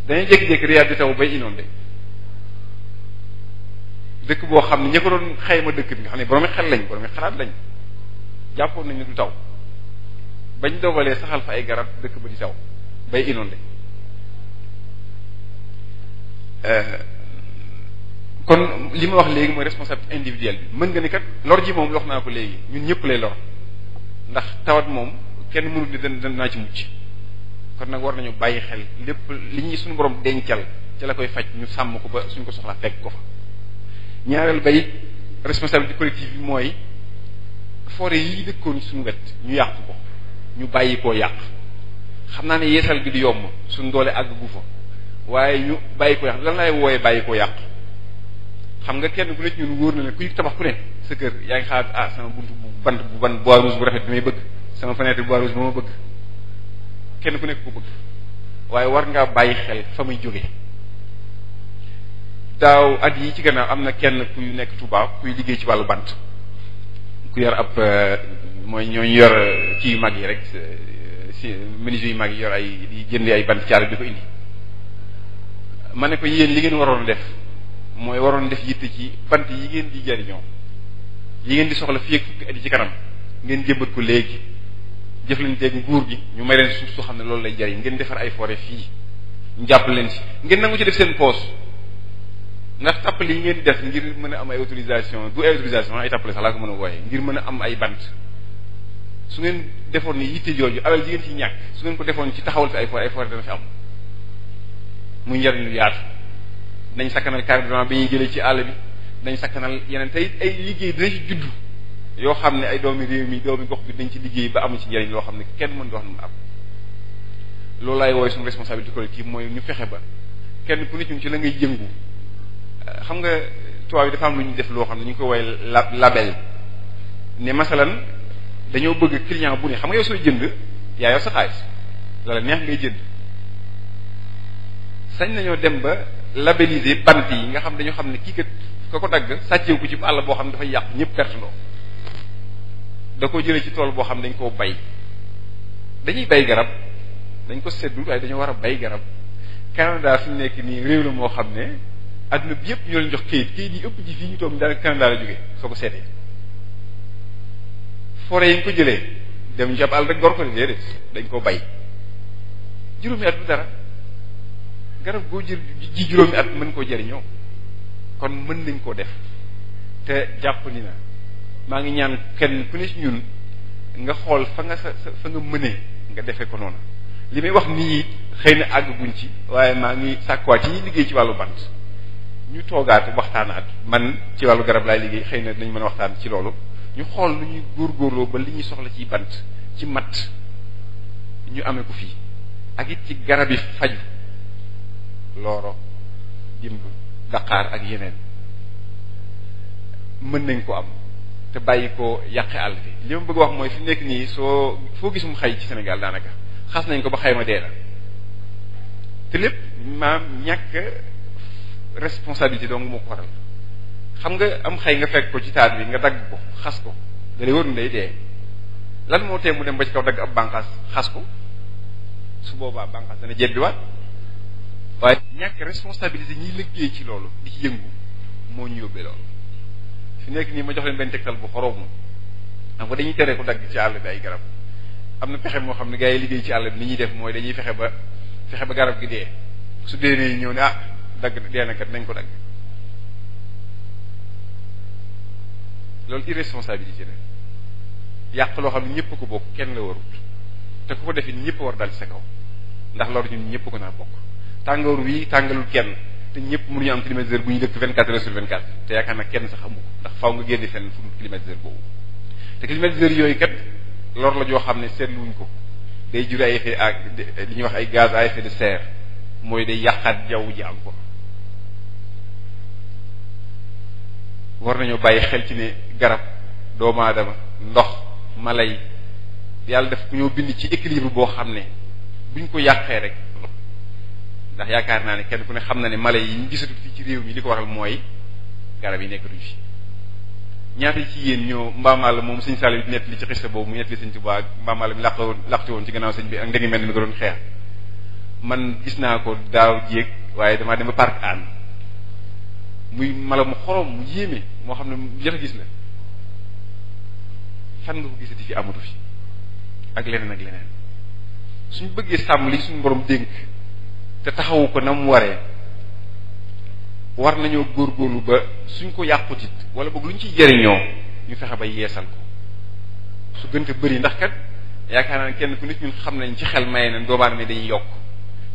dañuy jékki-jékki Riyad di taw bay inondé dëkk boo xam ne ña ko doon xayma dëkk bi nga xam ne boroomi xel lañ boroomi xalaat lañ jàppoon nañu du taw bañ dogalee saxal fa ay garab dëkk ba di taw bay inondé euh, kon li ma wax léegi mooy responsabilité individuelle bi mën nga ni kat lor ji moom wax naa ko léegi ñun ñëpp lay lor ndax tawat moom. kenn mënut ni dana naa ci mucc kon nag war nañu bàyyi xel lépp li ñuy suñu borom dencal ci la koy faj ñu sàmm ko ba suñ ko soxla fekk ko fa ñaareel bay it responsabilité collective bi mooy forêt yi dëkkoon suñ wet ñu yàq ko ñu bàyyi koo yàq xam naa ne yeesal gi di yomb suñ doole àgg gu fa waaye ñu bàyyi ko yàq lan lay wooyee bàyyi koo yàq xam nga kenn ku ne ci ñun wóor na leen kuy tabax ku ne sa kër yaa ngi xalaat ah sama buntu bu bant bu ba bois rouge bëgg sama fenêtre bois rouge ba ma bëgg kenn ku nekk ku bëgg waaye war ngaa bàyyi xel fa muy jóge taaw at yi ci gannaaw am na kenn kuy nekk tubaab kuy liggéey ci wàllu bant ku yor ab euh, mooy ñooñu yor euh, kii yu mag yi rek euh, si menuisier yu mag yi yor ay di ay bant caare di ko indi ma ne ko yéen li ngeen waroon def mooy waroon def yitte ci bant yi ngeen di jariñoo yi ngeen di soxla fii ak fukki at yi ci kanam ngeen jëmbat ko léegi jëflanteeg nguur gi ñu may leen suuf su xam ne loolu lay jariñ ngeen defar ay forêt fii ñu jàpp leen ci ngeen nangu ci def seen poos ndax tappale yi ngeen def ngir mën a am ay autorisation bu ay autorisation ay tappale sax laa ko mën a wooye ngir mën a am ay bant su ngeen defoon ni yitte jooju alal ji ngeen ci ñàkk su ngeen ko defoon ci taxawal fi ay forêt ay forêt dana fi am muy njariñ lu yaatu dañ sakkanal carburant bi ñuy jëlee ci àll bi dañ sakkanal yeneen tey ay liggéey dina yoo xam ne ay doomi réew mi doomi gox bi dañ ci liggéey ba amuñ ci njëriñ loo xam ne kenn mën doo wax ne mu am loolu laay wooy suñu responsabilité collective mooy ñu fexe ba kenn ku ne ci la ngay jëngu euh, xam nga tubaab yi dafa am lu ñu def loo xam ne ñu ngi koy woy la label ne masalan dañoo bëgg client bu ne xam nga yow soo jënd yaa yor sa xaalis lala neex ngay jënd sañ nañoo dem ba labelliser bant yi nga xam dañoo xam ne kii kat ka ko dagg sàcceeku ci àll boo xam ne dafay yàq ñëpp perte loo da ko jëlee ci tool boo xam dañ koo bay dañuy bay garab dañ ko seddul waaye dañoo war a bay garab Canada fi nekk nii réew la moo xam ne adduna bi yëpp ñoo leen jox kayit kayit yi ëpp ji fii ñu toog daanaka Canada la jógee soo ko seetee forêt yi nga ko jëlee dem jàpp àll rek gor ko déedéet dañ koo bay juróomi at bu dara garab goo jël ji juróomi at mën koo jëriñoo kon mën nañ koo def te jàpp ni na maa ngi ñaan kenn ku ne ci ñun nga xool fa nga sa fa nga mënee nga defee ko noonu li may wax nii xëy na àgguñ ci waaye maa ngi sàkkuwaat yi ñi liggéey ci wàllu bant ñu toogaat waxtaanaat man ci wàllu garab laay liggéey xëy na dañ mën a waxtaan ci loolu ñu xool lu ñuy góor góorgóorloo ba li ñuy soxla ci bant ci matt ñu amee ko fii ak it ci garab yi faj looro dimb daqaar ak yeneen mën nañ koo am te bàyyi ko yàqe àll bi li ma bëgg wax mooy fi nekk nii soo foo gis mu xay ci Sénégal daanaka xas nañ ko ba xayma dee na te lépp maam ñàkk responsabilité dong moo ko waral xam nga am xay nga fekk ko ci taat bi nga dagg ko xas ko dalay wër day dee lan moo tee mu dem ba ci kaw dagg ab bànqaas xas ko su boobaa bànqaas dana bi jebbiwaat waaye ñàkk responsabilité ñiy liggéey ci loolu di ci yëngu moo ñu yóbbee loolu fi nekk nii ma jox leen benn tegtal bu xoromu xam nga dañuy tere ko dagg ci àll bi ay garab am na pexe moo xam ne gaa yi liggéey ci àll bi ni ñuy def mooy dañuy fexe ba fexe ba garab gi dee su dee nii ñëw ne ah dagg dee na kat nañ ko dagg loolu irresponsabilité la yàq loo xam ne ñëpp ko bokk kenn la warut te ku ko defit ñëpp war dal ci sa kaw ndax loolu ñun ñëpp ko naa bokk tàngoor wii tàngalul kenn te ñëpp mënuñu am climatiseur bu ñu dëkk 24 heures sur 24 te yaakaar naa kenn sax amu ko ndax faaw nga génn fenn fu dul climatiseur boobu te climatiseur yooyu kat lor la joo xam ne seetluwuñ ko day jur ay effet ak li ñuy wax ay gaz à effet de serre mooy day yàqaat jaww ji am ko war nañoo bàyyi xel ci ne garab doomu aadama ndox mala yi yàlla def ku ñoo bind ci équilibre boo xam ne buñ ko yàqee rek. ndax yaakaar naa ne kenn ku ne xam na ne mala yi ñu gisatu fi ci réew mi li ko waral mooy garab yi nekkatu fi ñaata ci yéen ñoo mbaamaal moom sëñ Saliou nett li ci xista boobu mu nett li sëñ Tuubaa mbaamaal mi woon ci gannaaw bi ak ndegi mel ni mi ko man gis naa ko daaw jéeg waaye damaa dem ba parc Hann muy mala mu xorom mu yéeme moo xam ne jot a gis la fan nga ko gisati fi amatu fi ak leneen ak leneen suñ bëggee sàmm li suñu borom dénk te taxawu ko na mu waree war nañoo góorgóorlu ba suñ ko yàqutit wala boog luñ ci jëriñoo ñu fexe ba yeesal ko su gënte bëri ndax kat yaakaar naa ne kenn ku nit ñun xam nañ ci xel maye na doobaan mi dañuy yokk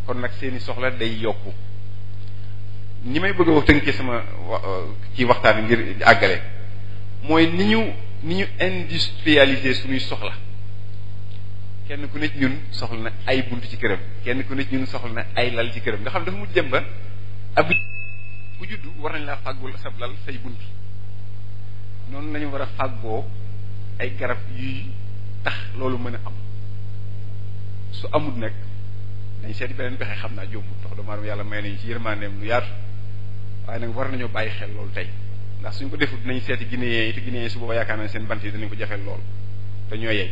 kon nag seeni soxla day yokku ni may bëgg a tënkee sama ci euh, waxtaan ngir àggale mooy ni ñu ni ñu industrialiser suñuy soxla kenn ku ne ci ñun soxla na ay bunt ci këram kenn ku ne ci ñun soxla na ay lal ci këram nga xam ne dafa mujj dem ba ab ku juddu war nañ laa fàggul sab lal say bunt noonu lañu war a fàggoo ay garab yuy tax loolu mën a am su amut nag dañ seeti beneen pexe xam naa jómbut tax doomu aadama yàlla may nañ ci yërmandeem lu yaatu waaye nag war nañoo bàyyi xel loolu tey ndax suñ ko defut dinañ seeti Guinéen yi te Guinéen yi su booba yaakaar nañ seen bant yi dañ ko jafeel lool te ñoo yey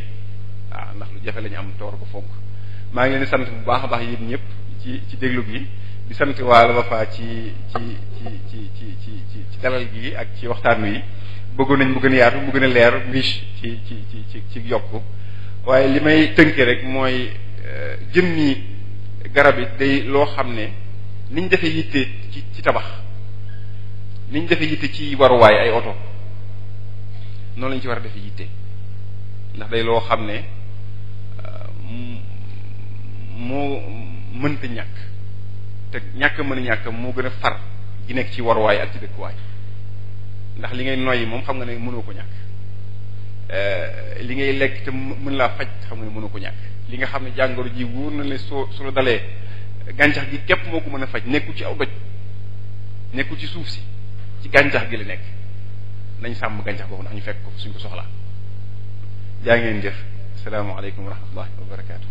ah ndax lu jafe lañu am te war ko fonk maa ngi leen sant bu baax a baax yéen ñëpp ci ci déglu gi di sant waa Al ci ci ci ci ci ci ci dalal gi ak ci waxtaan wi bëggoon nañ mu gën a yaatu mu gën a leer riche ci ci ci ci ci yokku waaye li may tënkee rek mooy jën eh, jëmmi garab yi day loo xam ne niñ defee yitte ci ci tabax niñ defee yitte ci waruwaay ay oto noonu lañ ci war a defee yitte ndax day loo xam ne. moo mënta ñàkk te ñàkk mën a ñàkk moo gën a far gi nekk ci warwaay ak ci dëkkuwaay ndax li ngay noyyi moom xam nga ne mënoo ko ñàkk eh, li ngay lekk mën laa faj xam nga ne ko ñàkk li nga xam ne jàngoro ji wóor na ne soo su dalee gàncax gi képp moo ko mën a faj nekkul ci aw doj nekkul ci suuf si ci gàncax gi la nekk nañ sàmm gàncax boobu ndax ñu fekk ko suñ ko soxlaa jaa ngeen jëf asalaamaaleykum wa rahmatullahi wa barakaatu.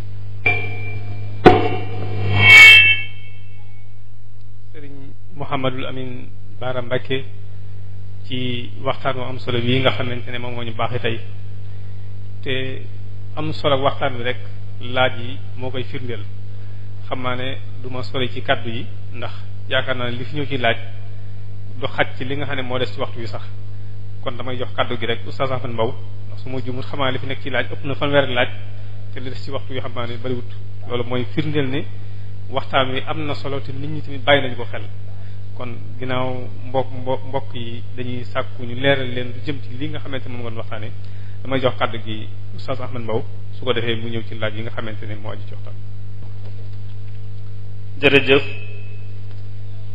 sëriñ Mouhamadul Amin Baara Mbacke ci waxtaan wu am solo bii nga xamante ne moom moo ñu baaxee tey te am solo ak waxtaan wi rek laaj yi moo koy firndeel xam naa ne duma ma ci kàddu yi ndax yaakaar naa ne li fi ñëw ci laaj du xaj ci li nga xam ne moo des ci waxtu wi sax kon damay jox kàddu gi rek oustaz Afan Mbow. su ma jumut xamaa li fi nekk ci laaj ëpp na fanweeri laaj te li des ci waxtu yoo xam ne bariwut loolu mooy firndeel ne waxtaan wi am na solo te nit ñi tamit bàyyi nañu ko xel kon ginnaaw mbokk mbokk yi dañuy sàkku ñu leeral leen du jëm ci li nga xamante moom nga doon waxtaane damay jox kàdd gi Oustaz Ahmed Mbow su ko defee mu ñëw ci laaj yi nga xamante ne moo aju ci waxtaan jërëjëf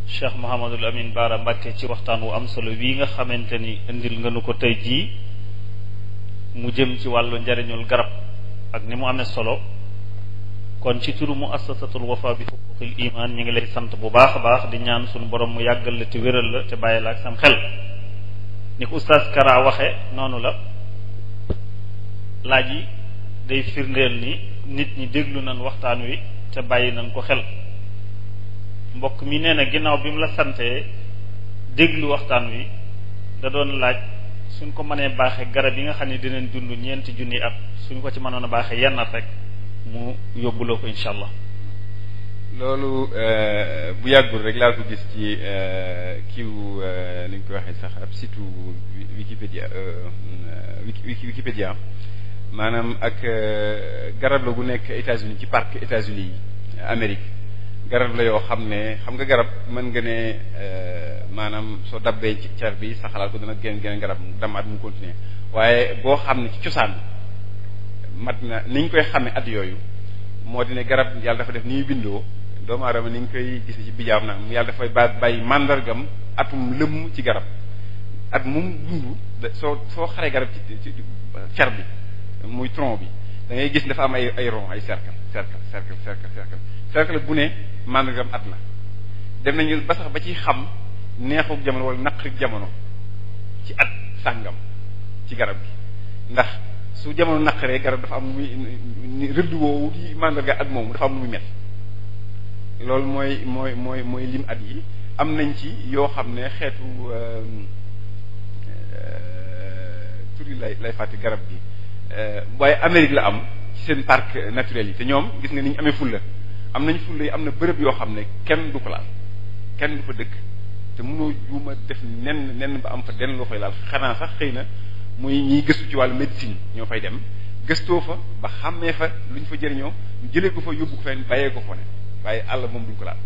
Cheikh Mouhamadul Amin Baara Mbàkke ci waxtaan wu am solo wii nga xamante ni indil nga nu ko tey jii mu jëm ci wàllu njariñul garab ak ni mu amee solo kon ci turu mu assasatul wafa bi xuquqil iman ñi ngi lay sant bu baax baax di ñaan sunu borom mu yàggal la te wéral la te bàyyi la ak sam xel ni ko oustaz waxe noonu la laaj yi day firndeel ni nit ñi déglu nañ waxtaan wi te bàyyi nañ ko xel mbokk mi nee na ginnaaw bi mu la santee déglu waxtaan wi da doon laaj suñ ko manee baaxee garab yi nga xam ne dinañ dund ñeenti junni at suñ ko ci manoon a baaxee yenn at rek mu yóbbuloo ko incha allah. loolu euh, bu yàggul rek laa ko gis ci euh, kiiw li euh, ñu ko waxee sax ab situ Wikipédia Wikipédia maanaam ak garab la gu nekk États-Unis ci parc États-Unis yi Amérique. garab la yoo xam ne xam nga garab mën nga ne euh, maanaam soo dabbee ci car bi saxalaat ko dana génn génn garab damaat mu continuer waaye boo xam ne ci cosaan mat na ni ñu koy xamee at yooyu moo di ne garab yàlla dafa def ni bindoo doomu aadama ni ñu koy gise ci bijaam nag yàlla dafay ba bàyyi màndargam atum lëmm ci garab at mu dund soo soo xare garab ci car bi muy tronc bi da ngay gis dafa am ay ay rond ay cercle cercle cercle cercle cercle cercle bu ne màndargam at la dem nañu basax ba ci xam neexuk jamono wala naqrik jamono ci at sàngam ci garab gi ndax su jamono naqaree garab dafa am lu muy rëdd woowu di màndarga at moomu dafa am lu muy mett loolu mooy mooy mooy mooy lim at yi am nañ ci yoo xam ne xeetu euh, euh, tur yi lay lay fàtte garab gi euh, waaye Amérique la am ci seen parc naturel yi te ñoom gis nga ni ñu amee fulla am nañ fulla yi am na bërëb yoo xam ne kenn du ko laal kenn du fa dëkk te mënoo juuma def nen nenn ba am fa den loo fay laal xanaa sax xëy na muy ñiy gëstu ci wàll médecine ñoo fay dem gëstoo fa ba xàmmee fa lu ñu fa jëriñoo ñu jëlee ko fa yóbbu ko fenn bàyyee ko fa ne waaye àll moom duñ ko laal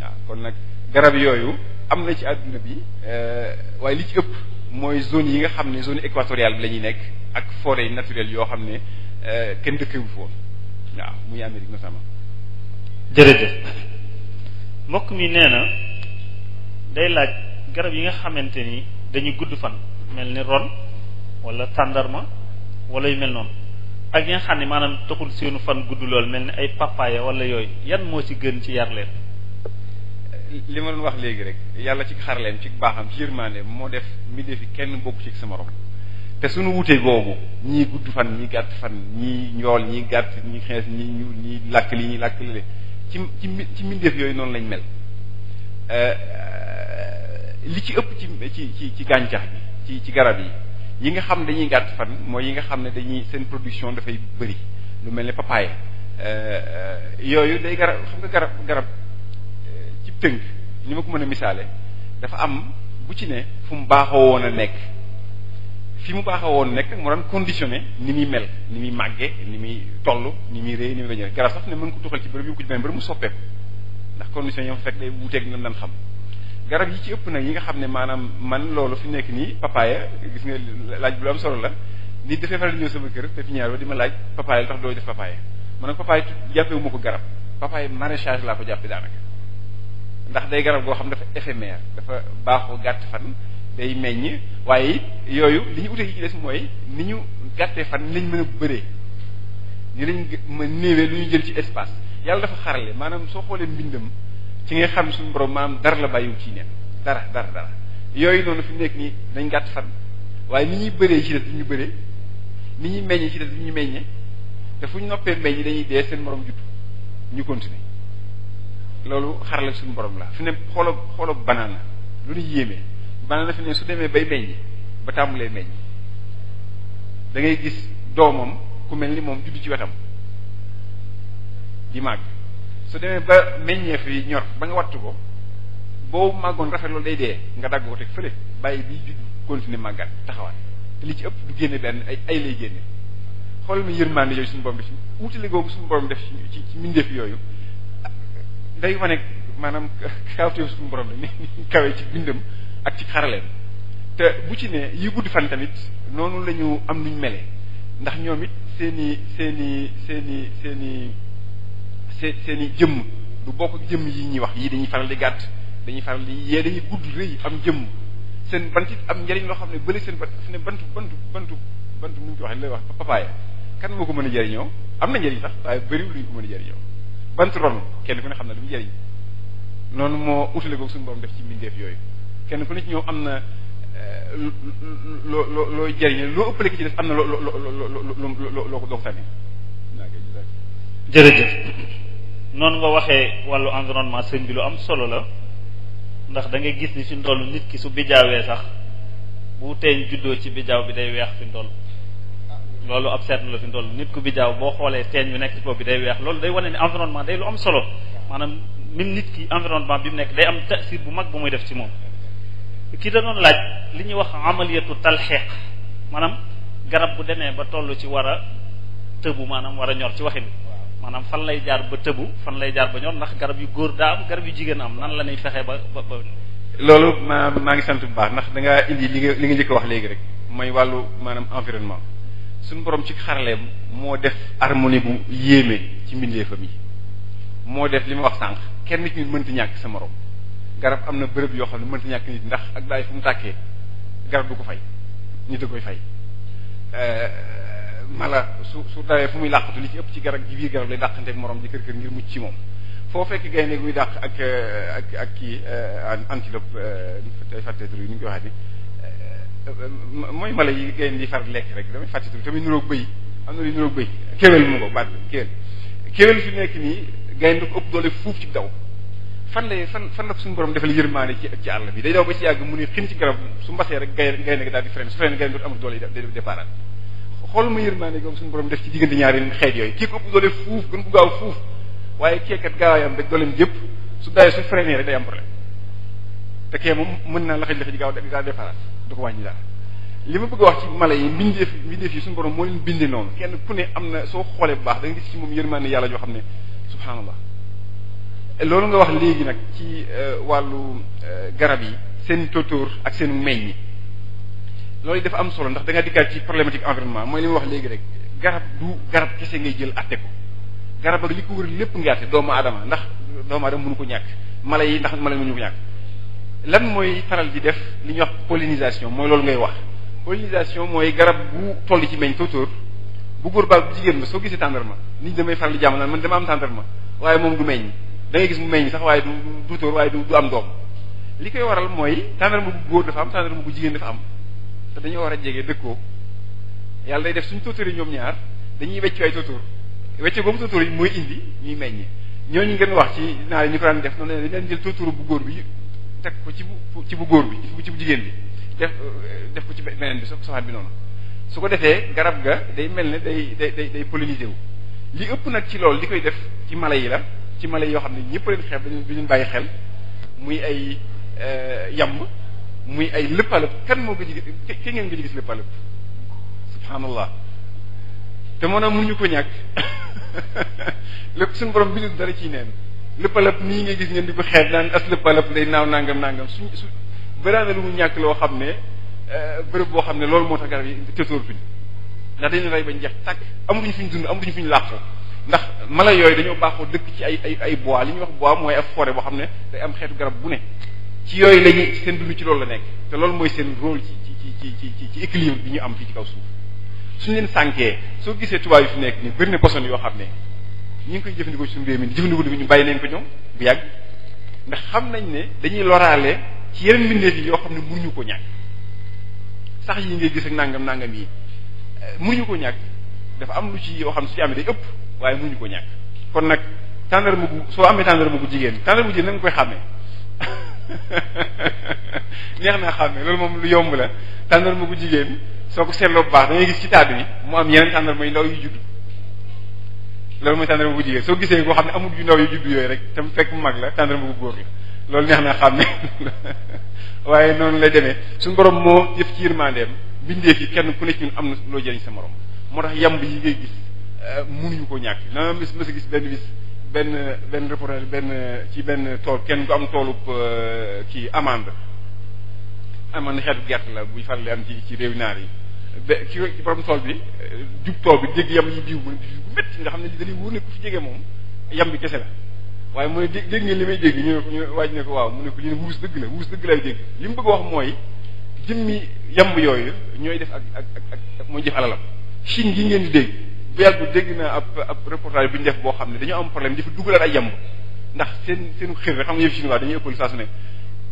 waaw kon nag garab yooyu am na ci àdduna bi euh, waaye li ci ëpp mooy zone yi nga xam ne zone équatoriale la ñuy nekk ak forêt naturelle yoo xam ne Eh, kenn dëkkewu foofu waaw muy Amérique notamment jërëjëf mbokk mi nee na day laaj garab yi nga xamante ni dañuy gudd fan mel ni ron wala tàndarma wala yu mel noonu ak yi nga xam ne maanaam taxul seenu fan gudd lool mel ni ay papaya wala yooyu yan moo ci gën ci yar li ma doon wax léegi rek yàlla ci xarleem ci baaxam ci yërmaande moo def mi defi kenn bokk ci sama morom te suñu wutee googu ñii gudd fan ñii gàtt fan ñii njool ñii gàtt ñii xees ñii ñuul ñii làkk lii ñii làkk ci ci ci mbindeef yooyu noonu lañ mel euh, li ci ëpp ci ci ci ci gàncax bi ci ci garab yi yi nga xam dañuy gàtt fan mooy yi nga xam ne dañuy seen production dafay bëri lu mel ne papaye euh, yooyu day garab xam nga garab garab euh, ci tënk ni ma ko mën misaale dafa am bu ci ne fu mu baaxoo woon a nekk fi mu baax woon nekk mu daan ni muy mel ni muy màggee ni muy toll ni muy rey ni muy bañ garab sax ne mën ko tuxal ci bërëb yu ko ci mu soppeeku ndax condition yi ma fekk day wuuteeg nan daan xam garab yi ci ëpp nag yi nga xam ne maanaam man loolu fi nekk nii papaaya gis nga laaj bu lu solo la nit dafay faral di sama kër pépinière ba di ma laaj papaaya tax doo def papaaya man nag papaaya jàppee wu ma ko garab papaaya maraîchage laa ko jàppee daanaka ndax day garab goo xam dafa éphémère dafa baaxoo gàtt fan day meññ waaye it yooyu li ñu ute ci des mooy ni ñu gàttee fan lañ mën a bëree ni lañ ma néewee lu ñu jël ci espace yàlla dafa xarale maanaam soo xoolee mbindam ci nga xam suñu borom maam dara la bàyyiwu ci neen dara dara dara yooyu noonu fi nekk nii dañ gàtt fan waaye ni ñuy bëree ci des du ñu bëree ni ñuy meññee ci des du ñu meññee te fu ñu noppee meññ dañuy dee seen morom juddu ñu continuer loolu xarale suñu borom la fi ne xooloo xooloo banaana lu ñu banana fi ne su demee bay meññ ba tàmbulee meññ dangay gis doomam ku mel ni moom juddu ci wetam di màgg su demee ba meññeef yi ñor ba nga wattu ko boo màggoon rafet loolu day dee nga dagg ko teg fële bàyyi bi judd continuer màggat taxawaat te li ci ëpp du génne benn ay ay lay génne xool mi yërmande yooyu suñu borom bi ci wutale googu suñu borom def ci ci mbindeef yooyu day wane maanaam kaawteef suñu borom la ni kawee ci bindam ak ci xaraleem te bu ci ne yi gudd fan tamit noonu la am nuñ mele ndax ñoom it seeni i seen i seen i seen i seen i jëmm du bokk ak jëmm yi ñuy wax yii dañuy faral di gàtt dañuy faral di yee dañuy gudd rëy am jëmm seen bant it am njariñ loo xam ne bële seen bant su ne bantu bantu bantu bantu nu ñu ko waxee lay wax papaaya kan moo ko mën a jariñoo am na njariñ sax waaye bëriwul lu ñu ko mën a jariñoo bant ron kenn ku ne xam na lu mu noonu moo utale ko suñu borom def ci mbindeef yooyu kenn ku ne ci am na loo loo looy jëriñ loo ëppale ki ci am na loo loo loo loo ko sànni. jërëjëf noonu nga waxee wàllu environnement sëñ bi lu am solo la ndax da ngay gis ni fi ndoll nit ki su bijaawee sax bu teeñ juddoo ci bijaaw bi day weex fi ndoll loolu ab seetlu la fi ndoll nit ku bijaaw boo xoolee teeñ bi nekk ci bopp bi day weex loolu day wane ne environnement day lu am solo maanaam même nit ki environnement bi mu nekk day am tasir bu mag bu muy def ci moom kii da doon laaj li ñuy wax amaliyatu talxiq maanaam garab bu demee ba toll ci war a tëbu maanaam war a ñor ci waxin maanaam fan lay jaar ba tëbu fan lay jaar ba ñor ndax garab yu góor daa am garab yu jigéen am nan la ñuy fexe ba ba ba. loolu ma maa ngi sant bu baax ndax da ngaa indi li nga li nga njëkk wax léegi rek mooy wàllu maanaam environnement suñ borom ci xaraleem moo def harmonie bu yéeme ci mbindeefam yi moo def li ma wax sànq kenn nit ñi mënti ñàkk sa morom. garab am na bërëb yoo xam ne mënta ñàkk nit ndax ak daay fu mu tàkkee garab du ko fay ñu da koy fay euh, mala su su dawee fu muy làqatu li ci ëpp ci garab ci biir garab lay dàqanteeg morom ji kër kër ngir mucc ci moom foo fekk gaynde guy dàq ak euh, ak ak kii euh, antilope tey fàtte tur yi ñu koy waxati mooy mala yi gaynde yi far lekk rek damay fàtte tur tamit niroog bëy am na lu niroog bëy kéwél mu ko baat kéwél kéwél fi nekk nii gaynde ko ëpp doole fuuf ci daw fan lay fan fan la suñu borom defal yërmaane ci ci àll bi day daw ba ci yàgg mu ni xin ci garab su mbaxee rek gay gay nekk daal di frein su frein gay dootu amul doole day def ci diggante ñaari xeet yooyu kii ko ëpp doole fuuf gën ko gaaw fuuf waaye keekat gaawaayam dooleem yëpp su dawee su freiné rek day am problème te kee moom mën naa laxaj laxaj ji gaaw daa déparaat du ko wàññi dara li ma bëgg a wax ci mala yi mbindeef mbindeef yi suñu borom moo leen bindee noonu kenn ku ne am na soo xoolee bu baax da nga gis ci yàlla joo xam ne subhaanallah loolu nga wax léegi nag ci euh, wàllu euh, garab yi seen tótóor ak seen meññ loolu dafa am solo ndax da nga dikkaat ci problématique environnement mooy li ma wax léegi rek garab du garab kese ngay jël atte ko garab ak li ko wër lépp nga atte doomu aadama ndax doomu aadama mënu ko ñàkk mala yi ndax mala yi mënu ko ñàkk lan mooy faral di def li ñuy wax pollinisation mooy loolu ngay wax pollinisation mooy garab bu toll ci meññ tótóor bu góor baal bu jigéen ba soo gisee tàndarma nit damay faral di jàmm man dama am tàndarma waaye moom du meññ da gis mu meññ sax waaye du du tóor waaye du du am doom li koy waral mooy tàndarma bu góor dafa am tàndarma bu jigéen dafa am te dañoo war a jege dëkkoo yàlla day def suñu tóotóor yi ñoom ñaar dañuy wecc ay tóotóor wecce boobu tóotóor yi mooy indi ñuy meññ ñooñu ngeen wax ci naa yi ñu ko daan def noonu dañ leen jël tóotóor bu góor bi teg ko ci bu ci bu góor bi ci bu jigéen bi def def ko ci beneen bi so soxaat bi noonu su ko defee garab ga day mel ne day day day day polliniser wu li ëpp nag ci loolu li koy def ci mala yi la ci mala yoo xam ne ñëpp leen xeeb dañu ñu bàyyi xel muy ay euh, yàmm muy ay lëppalëp kenn moo gëj gis ki ngeen gëj gis lëppalëp subhanallah te moo naam mënuñu ko ñàkk *laughs* lépp suñu borom bi dara ciy neen lëppalëp nii nga gis ngeen di ko xeeb naan as lëppalëp day naaw nàngam nàngam suñ su bëraana lu mu ñàkk loo xam ne euh, bërëb boo xam ne loolu moo tax garab yi te tóortuñ ndax dañu rey bañ jeex tàkk amatuñu fuñ dund amatuñu fuñ làqu ndax mala yooyu dañoo baaxoo dëkk ci ay ay ay bois li ñuy wax bois mooy ab forêt boo xam ne day am xeetu garab bu ne ci yooyu lañuy seen dund ci loolu la nekk te loolu mooy seen rôle ci ci ci ci ci ci équilibre bi ñu am fii ci kaw suuf suñ leen sànkee soo gisee tubaab yi fi nekk ni bëri ne poson yoo xam ne ñu ngi koy jëfandikoo ci suñu réew mi jëfandikoo ñu bàyyi nañ ko ñoom bu yàgg ndax xam nañ ne dañuy loraale ci yeneen mbindeef yi yoo xam ne mënuñu ko ñàkk sax yi ngay gis nangam nangam yi eh, mënuñu ko ñàkk dafa am lu ci yoo xam ne su ëpp waaye mënuñu ko ñàkk kon nag tàndarma gu soo amee tàndarma gu jigéen tàndarma gu jigéen na nga koy xàmmee *laughs* neex naa xàmmee loolu moom lu yomb la tàndarma ku jigéen soo ko seetloo bu baax da gis ci taat bi mu am yeneen tàndarma yu ndaw yu judd loolu mooy tàndarma gu jigéen soo gisee koo xam ne amul yu ndaw yu judd yooyu rek te mu fekk mu mag la tàndarma gu góor la loolu neex naa xàmmee *laughs* waaye noonu lay demee suñ borom moo jëf ci yërmandeem bindee fi kenn ku nekk ñun am na loo jëriñ sa morom moo tax yamb yi ngay gis Euh, mënuñu ko ñàkk dana mis mas a gis benn bis benn benn reportage benn ci benn tool kenn du am toolub euh, kii amande amande xeetu gerte la buy faral di am ci ci réew naar yi be ci borom tool bi euh, jub tool bi dégg yam yi diw mu ne diw bu métti nga xam ne dañuy wóor ne ku fi jege moom yam bi kese la waaye mu ne dégg dégg ngeen li may dégg ñu ne ko ñu waaj ne ko waaw mu ne ko ñu ne wuus dëgg la wuus dëgg lay dégg li mu bëgg wax mooy jëmmi yamb yooyu ñooy def ak ak ak mooy jëf alalam Chine gi ngeen di dégg bu yàgg dégg na ab ab reportage bu ñu def boo xam ne dañoo am problème di dafa dugalaat ay yamb ndax seen seen xër xam nga yëf chinois dañuy ëppal saa su ne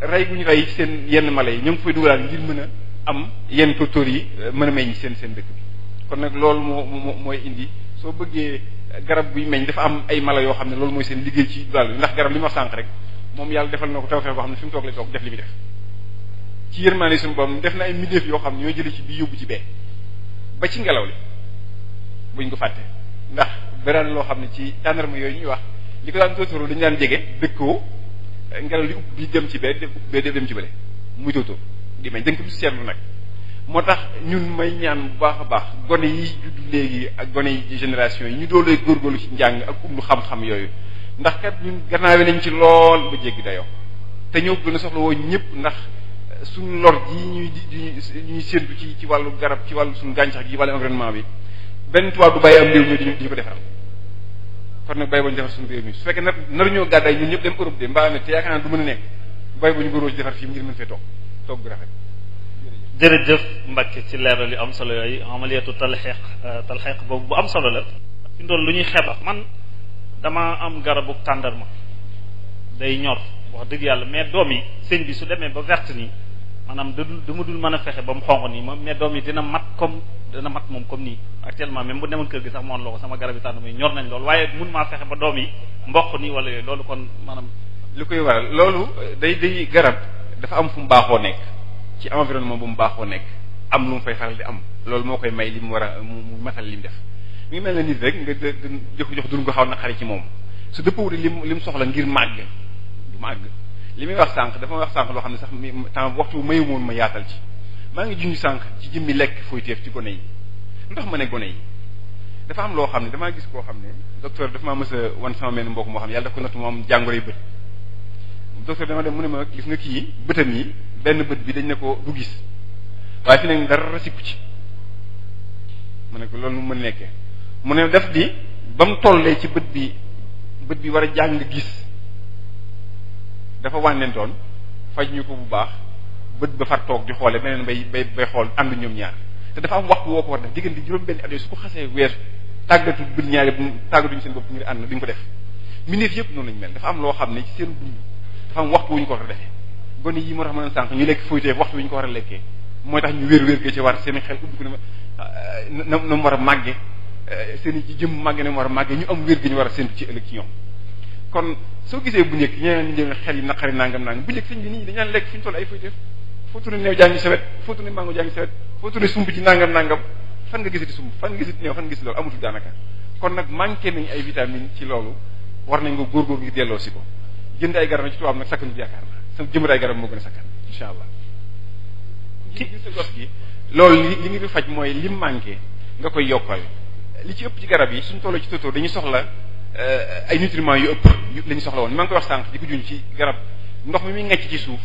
rey gu ñu rey seen yenn mala yi ñoo ngi fay dugalaat am yenn tóortóor yi euh, mën a meññ seen seen dëkk kon nag loolu moo moo mooy indi soo bëggee garab buy meññ dafa am ay mala yoo xam ne loolu mooy seen liggéey ci dal ndax garab li ma sànq rek moom yàlla defal na ko tawfeex boo xam ne fi mu toog lay toog def li muy def ci yërmaane suñu borom def na ay midéef yoo xam ne ñoo jële ci bi yóbbu ci bee ba ci ngelaw li buñ ko fàtte ndax beral loo xam ne ci tàndarma yooyu ñuy wax li ko daan tóotóorlu dañu daan jege dëkkoo eh, ngelaw li upp bi dem ci bee upp bee dem ci bële muy tóotóor di may dañ ko bis seetlu nag moo tax ñun may ñaan bu baax a baax gone yi judd léegi ak gone yi génération yi ñu doolee góorgóorlu ci njàng ak ublu xam-xam yooyu ndax kat ñun gannaawe nañ ci lool ba jéggi dayoo te ñoo gën a soxla woo ñëpp ndax eh, suñu lor ji ñuy ñuy séntu ci ci wàllu garab ci wàllu suñu gàncax gi wàllu environnement bi benn tubaab du bàyyi am réew mi di ñu di ñu ko defaral kon nag bàyyi ba ñu defar suñu réew mi su fekkee nar naruñoo gàddaay ñun ñëpp dem Europe de mbaa amee te yaakaar naa du mën a nekk bàyyi ba ñu góoroo ci defar fii ngir mën fee toog toog bi rafet jërëjëf Mbacke ci leeral li am solo yooyu amaliyatu talxeeq euh, talxeeq boobu bu am solo la fi lu ñuy xeeba man dama am garabu tàndarma day ñor wax dëgg yàlla mais doom yi sëñ bi su demee ba verte nii maanaam du du ma dul man a fexe ba mu xonq nii ma mais doom yi dina mat comme dina mat moom comme nii actuellement même bu demoon kër gi sax moon loo ko sama garab yi tànn muy ñor nañ loolu waaye mun maa fexe ba doom yi loolu kon maanaam li koy waral loolu eh, day day garab dafa am fu mu baaxoo nekk ci environnement bu mu baaxoo nekk am lu mu fay xaral di am loolu moo koy may li mu war a mu matal li mu def mu ngi mel ne nit rek nga jox jox dun ko xaw na xari ci moom su dëppoo li mu li mu soxla ngir màgg du màgg li muy wax sànq dafa wax sànq loo xam ne sax mi temps waxtu mayu woon ma yaatal ci maa ngi junj sànq ci jëmmi lekk foyteef ci gone yi ndax ma ne gone yi dafa am loo xam ne damaa gis koo xam ne docteur dafa maa mës wan sama mbokk moo xam ne yàlla daf ko natt moo am jàngoroy dama dem mu ne ma gis nga kii bëtam yi benn bët bi dañ ne ko du gis waaye fi ne dara sikku ci ma ne ko loolu mu mën nekkee mu ne def di ba mu tollee ci bët bi bët bi war a jàng gis dafa wànnentoon faj ñu ko bu baax bët ba far toog di xoole beneen bay bay bay xool ànd ñoom ñaar te dafa am waxtu woo ko war def diggante juróom benn at yooyu su ko xasee weer tàggatu bët ñaari tàggatuñu seen bopp ngir ànd duñ ko def mindeef yëpp noonu lañ mel dafa am loo xam ne ci seen dund dafa am waxtu wu ko war a defee gone yi moo tax mën a sànq ñu lekk fuytee waxtu wu ñu ko war a lekkee mooy tax ñu wér wér ga ci war seen xel ubbi ko ah, na na mu a màgge eh, seen i jëm màgge na mu war ñu am wér gi ñu war a séntu ci ëllëg ci ñoom kon soo gisee bu njëkk ñeneen ñu jël xel yi naqari nangam nangam bu njëkk sëñ bi nit ñi dañu daan lekk fu ñu toll ay fooy def foo tourné néew jaa ngi sawet foo tourné mango jaa ngi sawet foo tourné sumb ci nangam nangam fan nga gisati sumb fan nga gisati néew fan nga gisati loolu amatul daanaka kon nag manqué nañ ay vitamine ci loolu war nañ ko góor ngir delloo si ko jënd ay garab ci tubaab nag sakkanul yaakaar na sa jëmbat ay garab moo gën a sakkan insha allah ci gi loolu li ngi di faj mooy li manqué nga koy yokkal li ci ëpp ci garab yi suñ tolloo ci tótóor dañuy soxla Euh, ay nutriments yu ëpp la soxla woon maa ngi koy wax sànq di ko juñ ci garab ndox mi muy ngecc ci suuf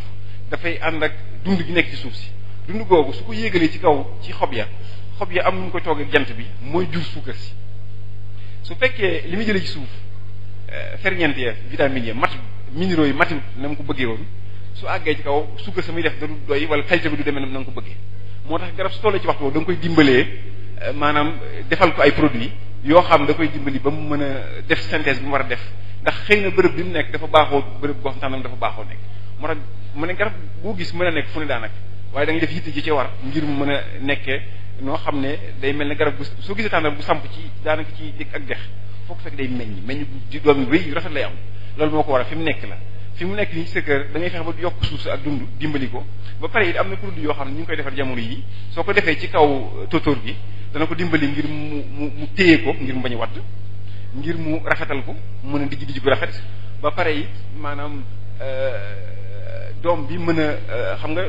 dafay ànd ak dund gi nekk ci suuf si dund googu su ko yéegalee ci kaw ci xob ya xob ya am nu mu ko toog ak jant bi mooy jur suukar si su fekkee li muy jëlee ci suuf euh, ferñeent ya vitamines ya mat minéraux yi matin na mu ko bëggee woon su àggee ci kaw suukar sa muy def da du doy wala qualité bi du demee na nga ko bëggee moo tax garab su tollee ci waxtu woowu da nga koy dimbalee euh, maanaam defal ko ay produits yoo xam da koy dimbali ba mu mën a def synthèse bi mu war a def ndax xëy na bërëb bi mu nekk dafa baaxoo bërëb boo xam ne dafa baaxoo nekk moo tax mu ne garab boo gis mën a nekk fu ne daanaka waaye da def yitte ji ci war ngir mu mën a nekkee noo xam ne day mel ne garab bu soo gisee tànn bu samp ci daanaka ci dëkk ak dex foofu fekk day meññ meññ bu di doom yu rëy yu rafet lay am loolu moo ko waral fi mu nekk la fi mu nekk nii sa kër da ngay fexe ba yokk suuf ak dund dimbali ko ba pare it am produit yoo xam ne ñu ngi koy defar jamono yi soo ko defee ci kaw tótóor bi dana ko dimbali ngir mu mu mu téye ko ngir mu bañ wadd ngir mu rafetal ko mën a dijj dijj gu rafet ba pare it maanaam euh, doom bi mën a euh, xam nga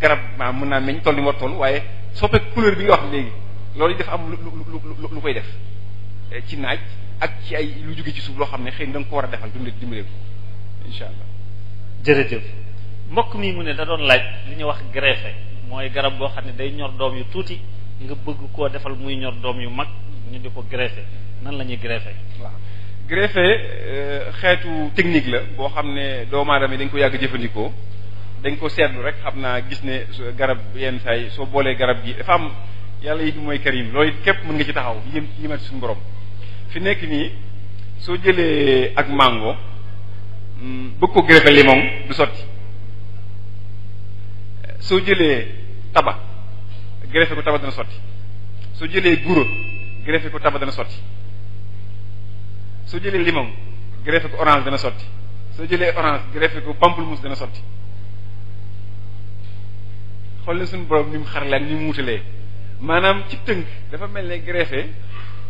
garab maa mën naa meñ toll ni mu war toll waaye soppe couleur bi nga wax léegi loolu yi dafa am lu lu lu lu koy def euh, ci naaj ak ci ay lu jóge ci suuf loo xam ne xëy na da nga ko war a defal dundee dimbalee ko incha allah. jërëjëf mbokk mi mu ne da doon laaj li ñuy wax greffé mooy garab boo xam ne day ñor doom yu tuuti. nga bëgg koo defal muy ñor doom yu mag ñu di ko greffé nan lañuy ñuy greffé. Euh, xeetu technique la boo xam ne doomu aadama yi dañ ko yàgg jëfandikoo dañ ko seetlu rek xam naa gis ne garab yenn saay soo boolee garab gi dafa am yàlla yi mooy karim loolu képp mën nga ci taxaw yéen ci ñemeet suñu borom fi nekk nii soo jëlee ak màngo hmm, bëgg ko greffé limon du sotti soo jëlee taba greffé ko tabax dana sotti su jëlee guro greffé ko tabax dana sotti su jëlee limon greffé ko orange dana sotti soo jëlee orange greffé ko pamplemousse dana sotti xol na suñu borom ni mu xaralaat ni mu wutalee maanaam ci tënk dafa mel ne greffé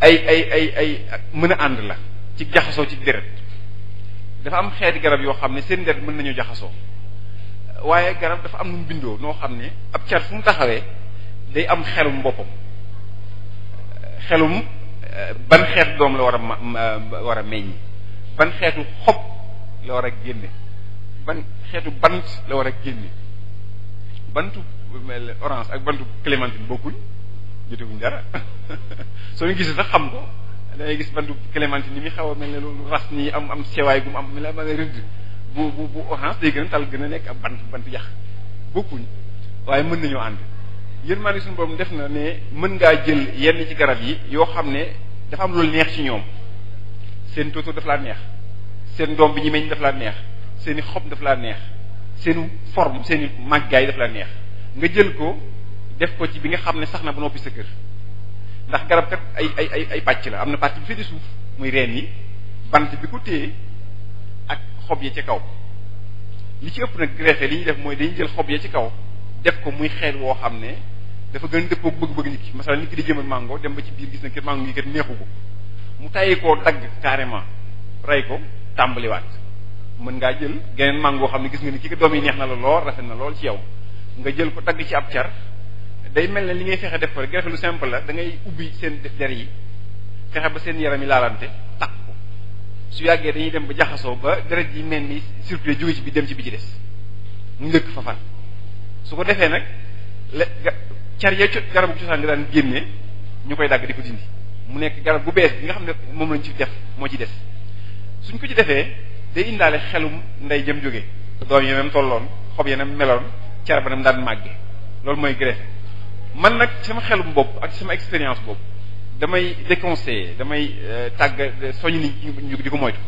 ay ay ay ay mën a ànd la ci jaxasoo ci deret dafa am xeeti garab yoo xam ne seen deret mën nañu jaxasoo waaye garab dafa am nu mu bindoo noo xam ne ab car fu mu taxawee day am xelum boppam xelum eh, ban xeetu doom la war a war a meññ ban xeetu xob la war a génne ban xeetu bant la war a génne bantu eh, orange ak bantu clémentine bokkuñ joteguñ dara *laughs* soo ñu gisee sax xam ko da ngay gis bantu clémentine ni muy xaw a mel ne loolu ras nii am am sewaay gu am mi la ma nga rëdd bu bu orange day gën a tal gën a nekk ak bant bant yax bokkuñ waaye mën nañoo ànd yërmande suñu borom def na ne mën ngaa jël yenn ci garab yi yoo xam ne dafa am loolu neex ci ñoom seen tóotóor daf laa neex seen doom bi ñu meññ daf laa neex seeni i xob daf laa neex seen forme seen i màggaay daf laa neex nga jël ko def ko ci bi nga xam ne sax na ba noppi sa kër ndax garab kat ay ay ay ay pàcc la am na pàcc bi fi di suuf muy reen yi bant bi ko téye ak xob yi ca kaw li ci ëpp nag greffé li ñuy def mooy dañuy jël xob ya ci kaw def ko muy xeet woo xam ne dafa gën a dëppoo bëgg-bëgg nit ki masala nit di jëm ak dem ba ci biir gis na kat mango ngi kat neexu ko mu tàyyi koo dagg carrément rey ko tàmbaliwaat mën ngaa jël geneen mango xam ne gis nga ni ki ko yi neex na la lool rafet na lool ci yow nga jël ko dagg ci ab car day mel na li ngay fexe def ko rek lu simple la da ubbi seen der yi fexe ba seen yaram yi laalante takk ko su yàggee dañuy dem ba jaxasoo ba deret yi mel ni circulé jóge ci bi dem ci bi ci des mu lëkk ko defee nag car ya co garabu cosaan nga daan génnee ñu koy dagg di ko dindi mu nekk garab bu bees bi nga xam ne moom lañ ci def moo ci des suñ ko ci defee day indaale xelum nday jëm jógee doom yeneen tolloon xob yeneen meloon car banam daan màgge loolu mooy greffe man nag sama xelum bopp ak sama expérience bopp damay déconseiller damay euh, tàgg euh, soñ ni ñu di ko moytu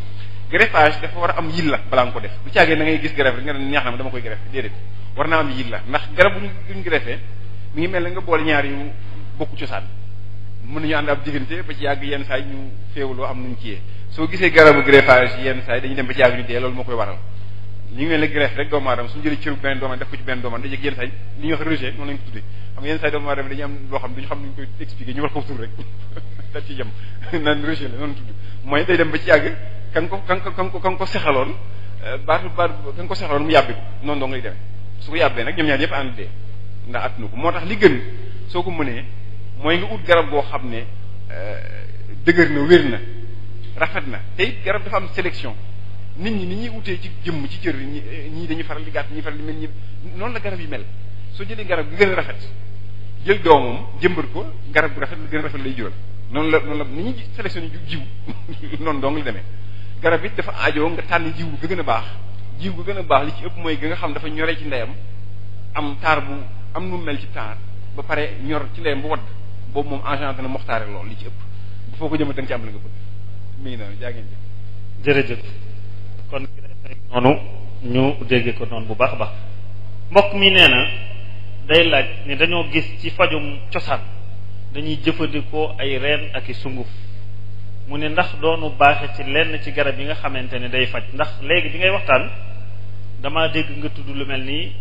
greffage dafa war a am yilla balaa nga ko def bu caagee da ngay gis greffe rek nga ne neex na ma dama koy greffe déedéet war naa am ndax garab buñ buñ greffé mi ngi mel na nga boole ñaar yu bokku cosaan mënuñu ànd ab diggante ba ci yàgg yenn saay ñu féewuloo am nuñ ciyee soo gisee garabu greffage yenn saay dañuy dem ba ci yàgg moo ko ci benn doomu dajeg yenn saay noonu am loo xam duñu xam nuñ koy ko tur rek *laughs* *laughs* tudd mooy day dem ba ci yàgg kan ko kan ko kan sexaloon euh, baatu baatu kan ko sexaloon mu yàbbi ko noonu doo ngay demee su ko yàbbee nag ñoom ñaar yëpp ànd dee ndax attanu ko moo tax li gën soo ko mënee mooy nga ut garab goo xam ne euh, dëgër na wér na rafet na tey it garab dafa am sélection nit ñi ni ñuy utee ci jëmm ci cër ñi euh, ñii dañuy faral di gàtt ñii faral li mel ñi noonu la garab yi mel soo jëlee garab gi gën a rafet jël doomam jëmbat ko garab bu rafet lu gën a rafet lay jural noonu la noonu la ni ñuy sélection yi jiw *laughs* noonu dong li demee garab it dafa aajoo nga tànn jiw ga gën a baax jiw ga gën a baax li mooy ga nga xam dafa ñoree ci ndeyam am taar am nu mel ci taar ba pare ñor ci leen bu wadd boobu moom engendre na moxtaare lool li ci ëpp bu foo ko jëma da ci am la nga bëgg mi ngi noonu jaa ngeen jërëjëf kon noonu ñu dégge ko noon bu baax a baax mbokk mi nee na day laaj ni dañoo gis ci fajum cosaan dañuy jëfandikoo ay reen ak i sunguf mu ne ndax doonu baaxe ci lenn ci garab yi nga xamante ne day faj ndax léegi bi ngay waxtaan damaa dégg nga tudd lu mel ni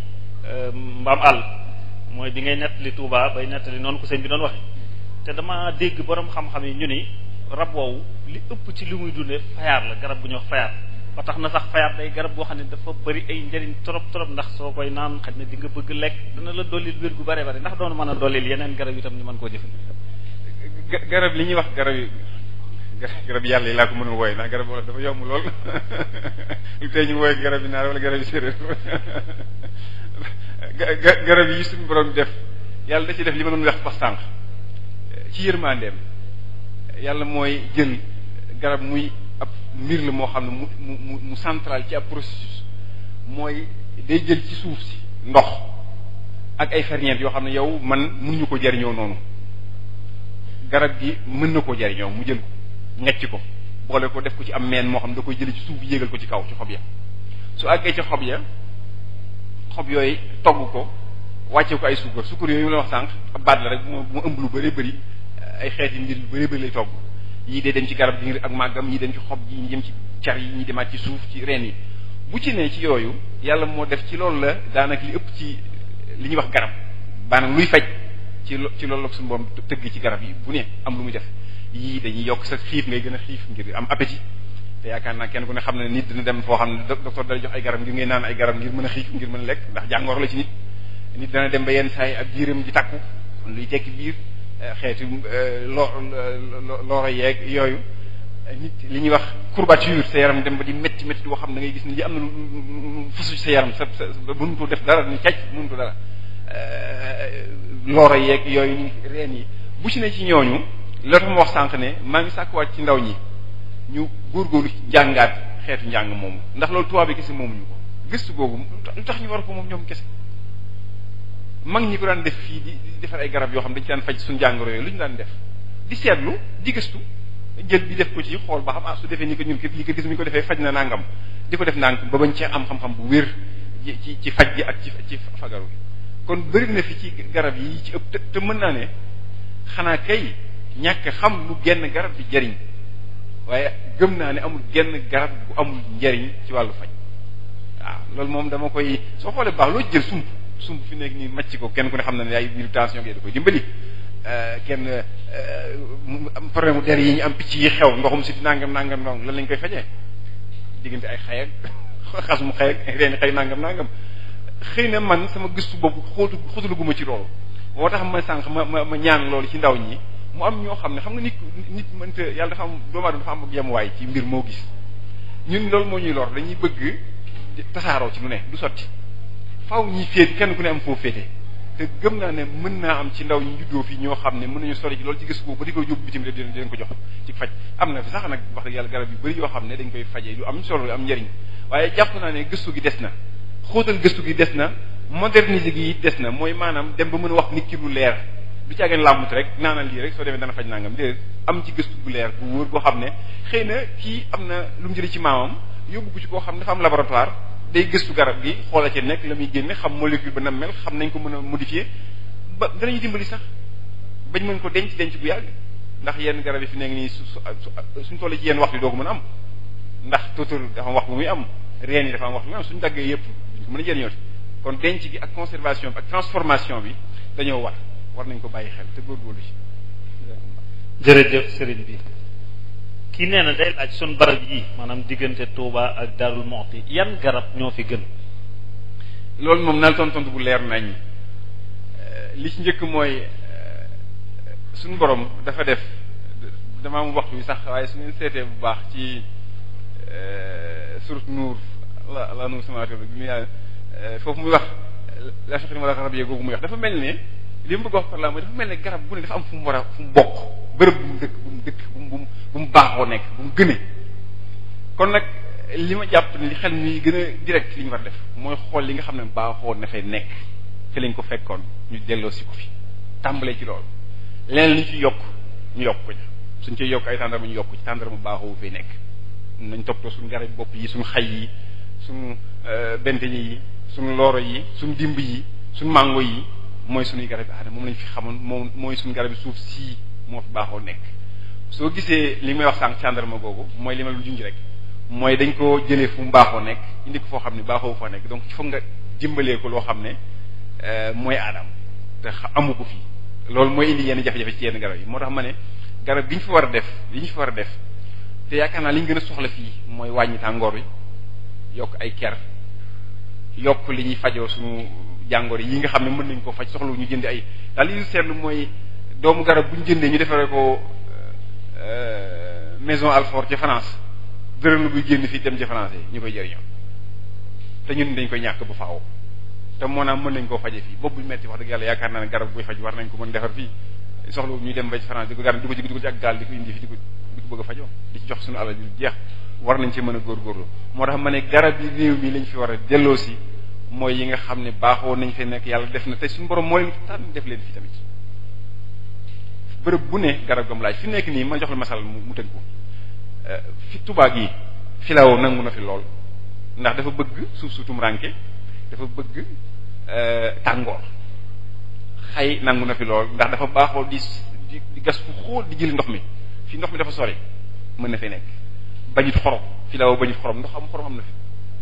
euh, mbaam àll mooy bi ngay nettali tuubaa bay nettali noonu ko sëñ bi doon waxe te dama dégg borom xam-xam yi ñu ni rab woowu li ëpp ci li muy dundee fayaar la garab bu ñuy wax fayaar ba tax na sax fayaar day garab boo xam ne dafa bëri ay njëriñ trop trop ndax soo koy naan xaj ne di nga bëgg lekk dana la dollil wér gu bare bare ndax doon mën a dollil yeneen garab yi itam ñu mën koo jëfandikoo. garab li ñuy wax garab yi garab yàlla yi laa ko mën a wooye ndax garab wala dafa yomb lool *laughs* tey ñu wooye garab yi naar wala garab yi séeréer *laughs* ga garab yi suñu borom def yàlla da ci def li ma doon wax pas sànq ci yërmandeem yàlla mooy jël garab muy ab mbir la moo xam ne mu mu mu central ci ab processus mooy day jël ci suuf si ndox ak ay ferñeent yoo xam ne yow man ñu ko jariñoo noonu garab gi mën na koo jariñoo mu jël ko ngecc ko boole ko def ko ci am meen moo xam ne da koy jële ci suuf yéegal ko ci kaw ci xob ya su àggee ci xob ya xob yooyu togg ko wàcce ko ay suukar suukar yooyu la wax sànq ab baat la rek bu ma ëmb lu bëree bëri ay xeeti mbir lu bëree bëri lay togg yii dee dem ci garab gi ngir ak màggam yi dem ci xob yi ñi dem ci car yi ñi demaat ci suuf ci reen yi bu ci ne ci yooyu yàlla moo def ci loolu la daanak li ëpp ci li ñuy wax garab baanag luy faj ci ci loolu la suñu borom tëgg ci garab yi bu ne am lu muy def yii dañuy yokk sa xiif ngay gën a xiif ngir am appétit te yaakaar naa kenn ku ne xam ne nit dina dem foo xam ne docteur dana jox ay garab ngir ngay naan ay garab ngir mën a xiif ngir mën a lekk ndax jàngoor la ci nit nit dana dem ba yenn saa yi ak jiiram ji takku luy tekki biir eh, xeeti eh, loo looro yeeg yooyu nit li ñuy wax courbature sa yaram dem ba di métti métti boo xam da ngay gis ni li am na lu fusu sa yaram sa sa mënutu def dara ni càcc mënutu dara eh, looro yeeg yooyu ni reen yi bu ci ne ci ñooñu loo tax ma wax sànq ne maa ngi sàkkuwaat ci ndaw ñi ñu góorgóorlu ci jàngaat xeetu njàng moomu ndax loolu tubaab bi kese moomuñu ko gëstu googu lu tax ñu war ko moom ñoom kese mag ñi ko daan def fii di defar ay garab yoo xam dañ ci daan faj suñu jàngoro lu ñu daan def di seetlu di gëstu jël bi def ko xool ba xam ah, su defee ñi ko ñun kër yi ko gis ñu ko defee faj na nangam di ko def nànk ba bañ cee am xam-xam bu wér ci ci faj gi ak ci ci fagaru gi kon bëri na fi ci garab yi ci ëpp te mën naa ne xanaa kay ñàkk xam lu genn garab bi jariñ waaye gëm naa ne amul genn garab bu amul njariñ ci wàllu faj waaw loolu moom dama koy soo xoolee baax ci jël sump sump fi nekk nii màcc ko kenn ku ne xam na ne ay biiru tension gi da koy dimbali euh, kenn euh, problème mu der yi ñu am picc yi xew ndoxum si nangam nangam nangam lan lañ koy faje diggante ay xayak *laughs* xas mu xayak reen xay nangam nangam xëy na man sama gëstu bopp xóotu xóotuluguma ci loolu moo tax ma sànq ma ma ma ñaan loolu ci ndaw ñi mu am ñoo xam ne xam nga nit nit mënta yàlla dafa am doomu dafa am yem waay ci mbir moo gis ñun lool moo ñuy lor dañuy bëgg tasaaroo ci lu ne du sotti faaw ñi féete kenn ku ne am foo féete te gëm naa ne mën naa am ci ndaw ñu juddoo fi ñoo xam ne mën nañu sori ci loolu ci gis ko ba di ko yóbbu bitim rek dinañ ko jox ci faj am na fi sax nag wax dëgg yàlla garab yu bëri yoo xam ne dañ koy fajee yu am solo yu am njëriñ waaye jàpp naa ne gëstu gi des na xóotal gëstu gi des na moderniser gi des na mooy maanaam dem ba mën a wax nit ki lu leer du caa ngeen làmbut rek naanal lii rek soo demee dana faj nangam déedéet am ci gëstu bu leer bu wóor goo xam ne xëy na kii am na lu mu jëlee ci maamam yóbbu ko ci koo xam ne dafa am laboratoire day gëstu garab gi xoola ci nekk la muy génne xam molécule ba na mel xam nañ ko mën a modifier ba danañu dimbali sax bañ mën ko denc denc bu yàgg ndax yenn garab yi fi nekk nii su suñ tollee ci yenn waxtu doo ko mën a am ndax tutur dafa am wax bu muy am reen yi dafa am wax bu muy daggee yëpp duñ ko mën a kon denc gi ak conservation ak transformation bi dañoo war war nañ ko bàyyi xel te góorgóorlu ci jërëjëf sëriñ bi kii nee na day laaj sun barab yi maanaam diggante Touba ak Darou Mouhty yan garab ñoo fi gën loolu moom naa bu leer nañ eh, li ci njëkk mooy eh, suñ borom dafa def dama am waxtu bi sax waaye suñ ngeen seetee bu baax ci eh, surut nuur la la nu sama bi mu yàlla foofu muy wax la saxri ma la xarab yee googu muy wax dafa mel ne li mu bëgg wax par là mooy mel ne garab bu ne dafa am fu mu war a fu mu bokk bërëb bu mu dëkk bu mu bu mu bu mu baaxoo nekk bu mu gënee kon nag li ma jàpp ni li xel mi gën a direct li war def mooy xool li nga xam ne baaxoo na nekk te lañ ko fekkoon ñu delloo si fi tàmbalee ci loolu leneen ñu ci yokk ñu yokk suñ ciy yokk ay tàndarma ñu yokk ci tàndarma baaxoo fay nekk nañ toppatoo suñ garab bopp yi suñu xay yi suñ euh, bente yi suñu looro yi suñ dimb yi suñ mango yi mooy suñuy garab yi aada moom lañ fi xamoon moom mooy suñu garab yi suuf sii moo fi baaxoo nekk soo gisee li may wax sànq gendarme googu mooy li ma lu junj rek mooy dañ ko jële fu mu baaxoo nekk indi ko foo xam ne baaxoo fa nekk donc foog nga dimbalee ko loo xam ne euh, mooy aadam te amu ko fii loolu mooy indi yenn jafe ci yenn garab yi moo tax ma ne garab gi ñu fi war a def li ñu fi war a def te yaakaar naa li ñu gën a soxla fii mooy wàññi tàngoor wi yokk ay ker yokk li ñuy fajoo suñu jàngoor yi nga xam ne mën nañ ko faj soxla ñu jënd ay daal li ñu seetlu mooy doomu garab bu jëndee ñu defaree ko euh, maison Alfort ci France dërëm buy génn fii dem ca France ñu koy jëriñoo te ñun dañ koy ñàkk bu faaw te moo naam mën nañ koo faje fii boobu bu metti wax dëgg yàlla yaakaar naa ne garab buy faj war nañ ko mën defar fii soxla ñuy dem ba ci France di ko garab di ko ci di ko ci ak gaal di ko indi fii di ko di ko bëgg a fajoo di ci jox suñu alal jeex war nañ ci mën a góorgóorlu moo tax ma ne garab yi réew lañ fi war a delloo si mooy yi nga xam ne baaxoo nañ fee nekk yàlla def na te suñu borom moo leen tànn def leen fi tamit bërëb bu ne garab gam laaj fi nekk nii ma jox la masal mu ko euh, fi tubaab yi filaaw nangu na fi lool ndax dafa bëgg suuf su tumuraanke dafa bëgg euh, tàngoor xay nangu na fi lool ndax dafa baaxoo di di gas fu xóol di jëli ndox mi fi ndox mi dafa sori mën na fi nekk bañit xorom filaaw bañit xorom ndox am xorom am na fi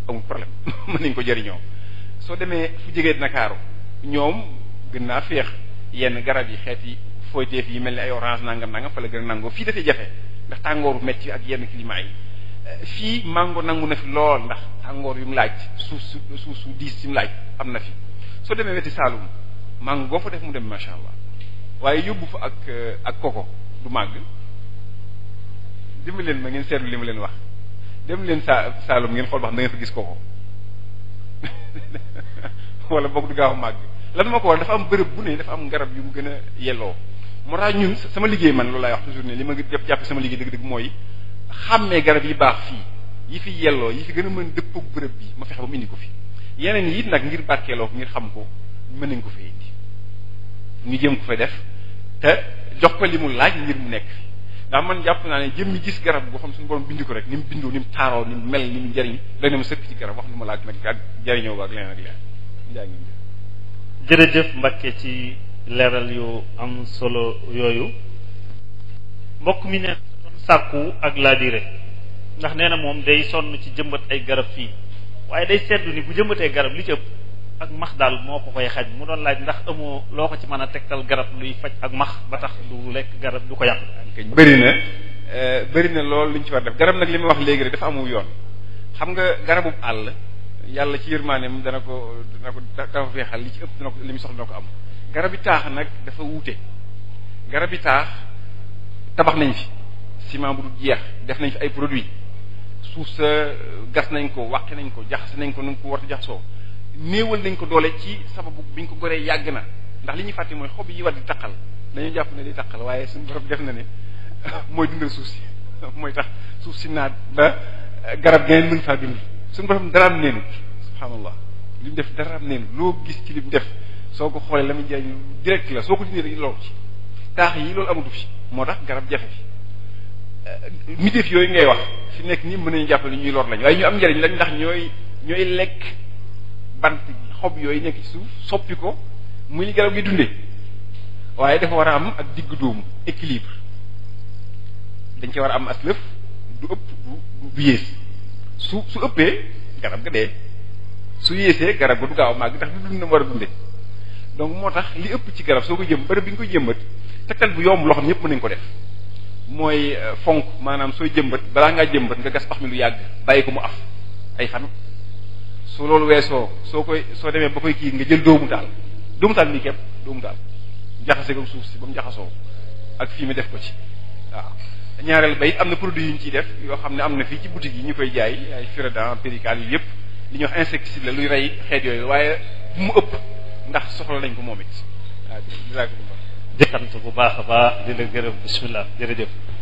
amul problème *laughs* mën nañ ko jëriñoo soo demee fu jege Ndakaaru ñoom gën naa féex yenn garab yi xeet yi fooyteef yi mel ni ay orange nangam nanga fa la gën a nangoo fii dafay jafe ndax tàngooru metti ak yenn climat yi eh, fii mango nangu na fi lool ndax tàngoor yu mu laaj suuf su suuf su diis si mu laaj am na fi soo demee weti Saalum mango boo fa def mu dem macha allah waaye yóbbu fa ak eh, ak koko du màgg dimbali leen ma ngeen seetlu li ma leen wax dem leen sa Saalum ngeen xool ba xam da ngeen fa gis koko *laughs* wala boog du gaaw a màgg lan ma ko waral dafa am bërëb bu ne dafa am garab yu mu gën a yelloo moo tax ñun sama liggéey man loolu laay wax toujours ne li ma jàpp jàpp sama liggéey dëgg-dëgg mooy xàmmee garab yi baax fii yi fi yelloo yi fi gën a mën dëppoo ak bërëb bi ma fexe ba mu indi ko fi yeneen yit nag ngir barkeeloo ngir xam ko mën nañ ko fee indi ñu jëm ko fa def te jox ko li mu laaj ngir mu nekk daa man jàpp naa ne jëmmi gis garab goo xam suñu borom bindi ko rek ni mu bindoo ni mu taaroo ni mu mel ni mu njariñ doy na ma sëkk ci garab wax nu ma laaj ak jariñoo ak ak leneen njaay ngi ci leeral yu am solo yooyu mbokk mi ne doon ak laa dire ndax nee na moom day sonn ci jëmbat ay garab fii waaye day seetlu ni bu jëmbatee garab li ci ak max daal moo ko koy xaj mu doon laaj ndax amoo loo ko ci mën a tegtal garab luy faj ak max ba tax du lekk garab du ko yàq. bëri na euh, bëri na lool lu ci war def garab nag li ma wax léegi rek dafa amu yoon xam nga garabu àll yàlla ci yërmaaneem dana ko dana ko dana ko feexal li ci ëpp dana ko li mu soxla dana ko am garabi taax nag dafa wuute yi taax tabax nañ fi ciment bu du jeex def nañ fi ay produits suuf sa euh, gas nañ ko wàq nañ ko jaxase nañ ko nu ko war a jaxasoo néewal nañ ko doole ci sababu biñ ko goree yàgg na ndax li ñuy fàtte mooy xob yi war di taqal dañu jàpp ne di taqal waaye suñ borom def na ne *laughs* mooy dundal suuf si *laughs* mooy tax suuf si naat ba garab geneen mën faa dund suñu borom daraam neenu subhaanallah li mu def daraam neenu loo gis ci li mu def soo ko xoolee la muy jëriñ direct la soo ko dindee dañu loolu ci taax yi loolu amatu fi moo tax garab jafe fi euh, mitéef yooyu ngay wax fi nekk nii mën nañu jàpp ne ñuy lor lañ waaye ñu am njëriñ lañ ndax ñooy ñooy lekk bant xob yooyu nekk ci suuf soppi ko muy garab gi dundee waaye dafa war a am ak digg doomu équilibre dañ ci war a am aslëf du ëpp du du yées su su ëppee garab ga dee su yéesee garab ga du gaaw màgg ndax du dund na war a dundee donc moo tax li ëpp ci garab soo ko jëm bërëb bi nga ko jëmbat tegtal bu yomb loo xam ñëpp mën nañu ko def mooy euh, fonk maanaam soo jëmbat balaa ngaa jëmbat nga gas pax mi lu yàgg bàyyi ko mu af ay fan soo loolu weesoo soo koy soo demee ba koy kii nga jël doomu taal doomu taal nii képp doomu taal jaxase ko suuf si ba mu jaxasoo ak fii mi def ko ci waaw ñaareel ba it am na produit yu ñu ciy def yoo xam ne am na fii ci boutique yi ñu koy jaay ay furadan pérical yu yëpp li ñu wax insecticide la luy rey xeet yooyu waaye bu mu ëpp ndax soxla nañ ko moom it xam jërëjëf bu baax a baax di la gërëm bismillah jërëjëf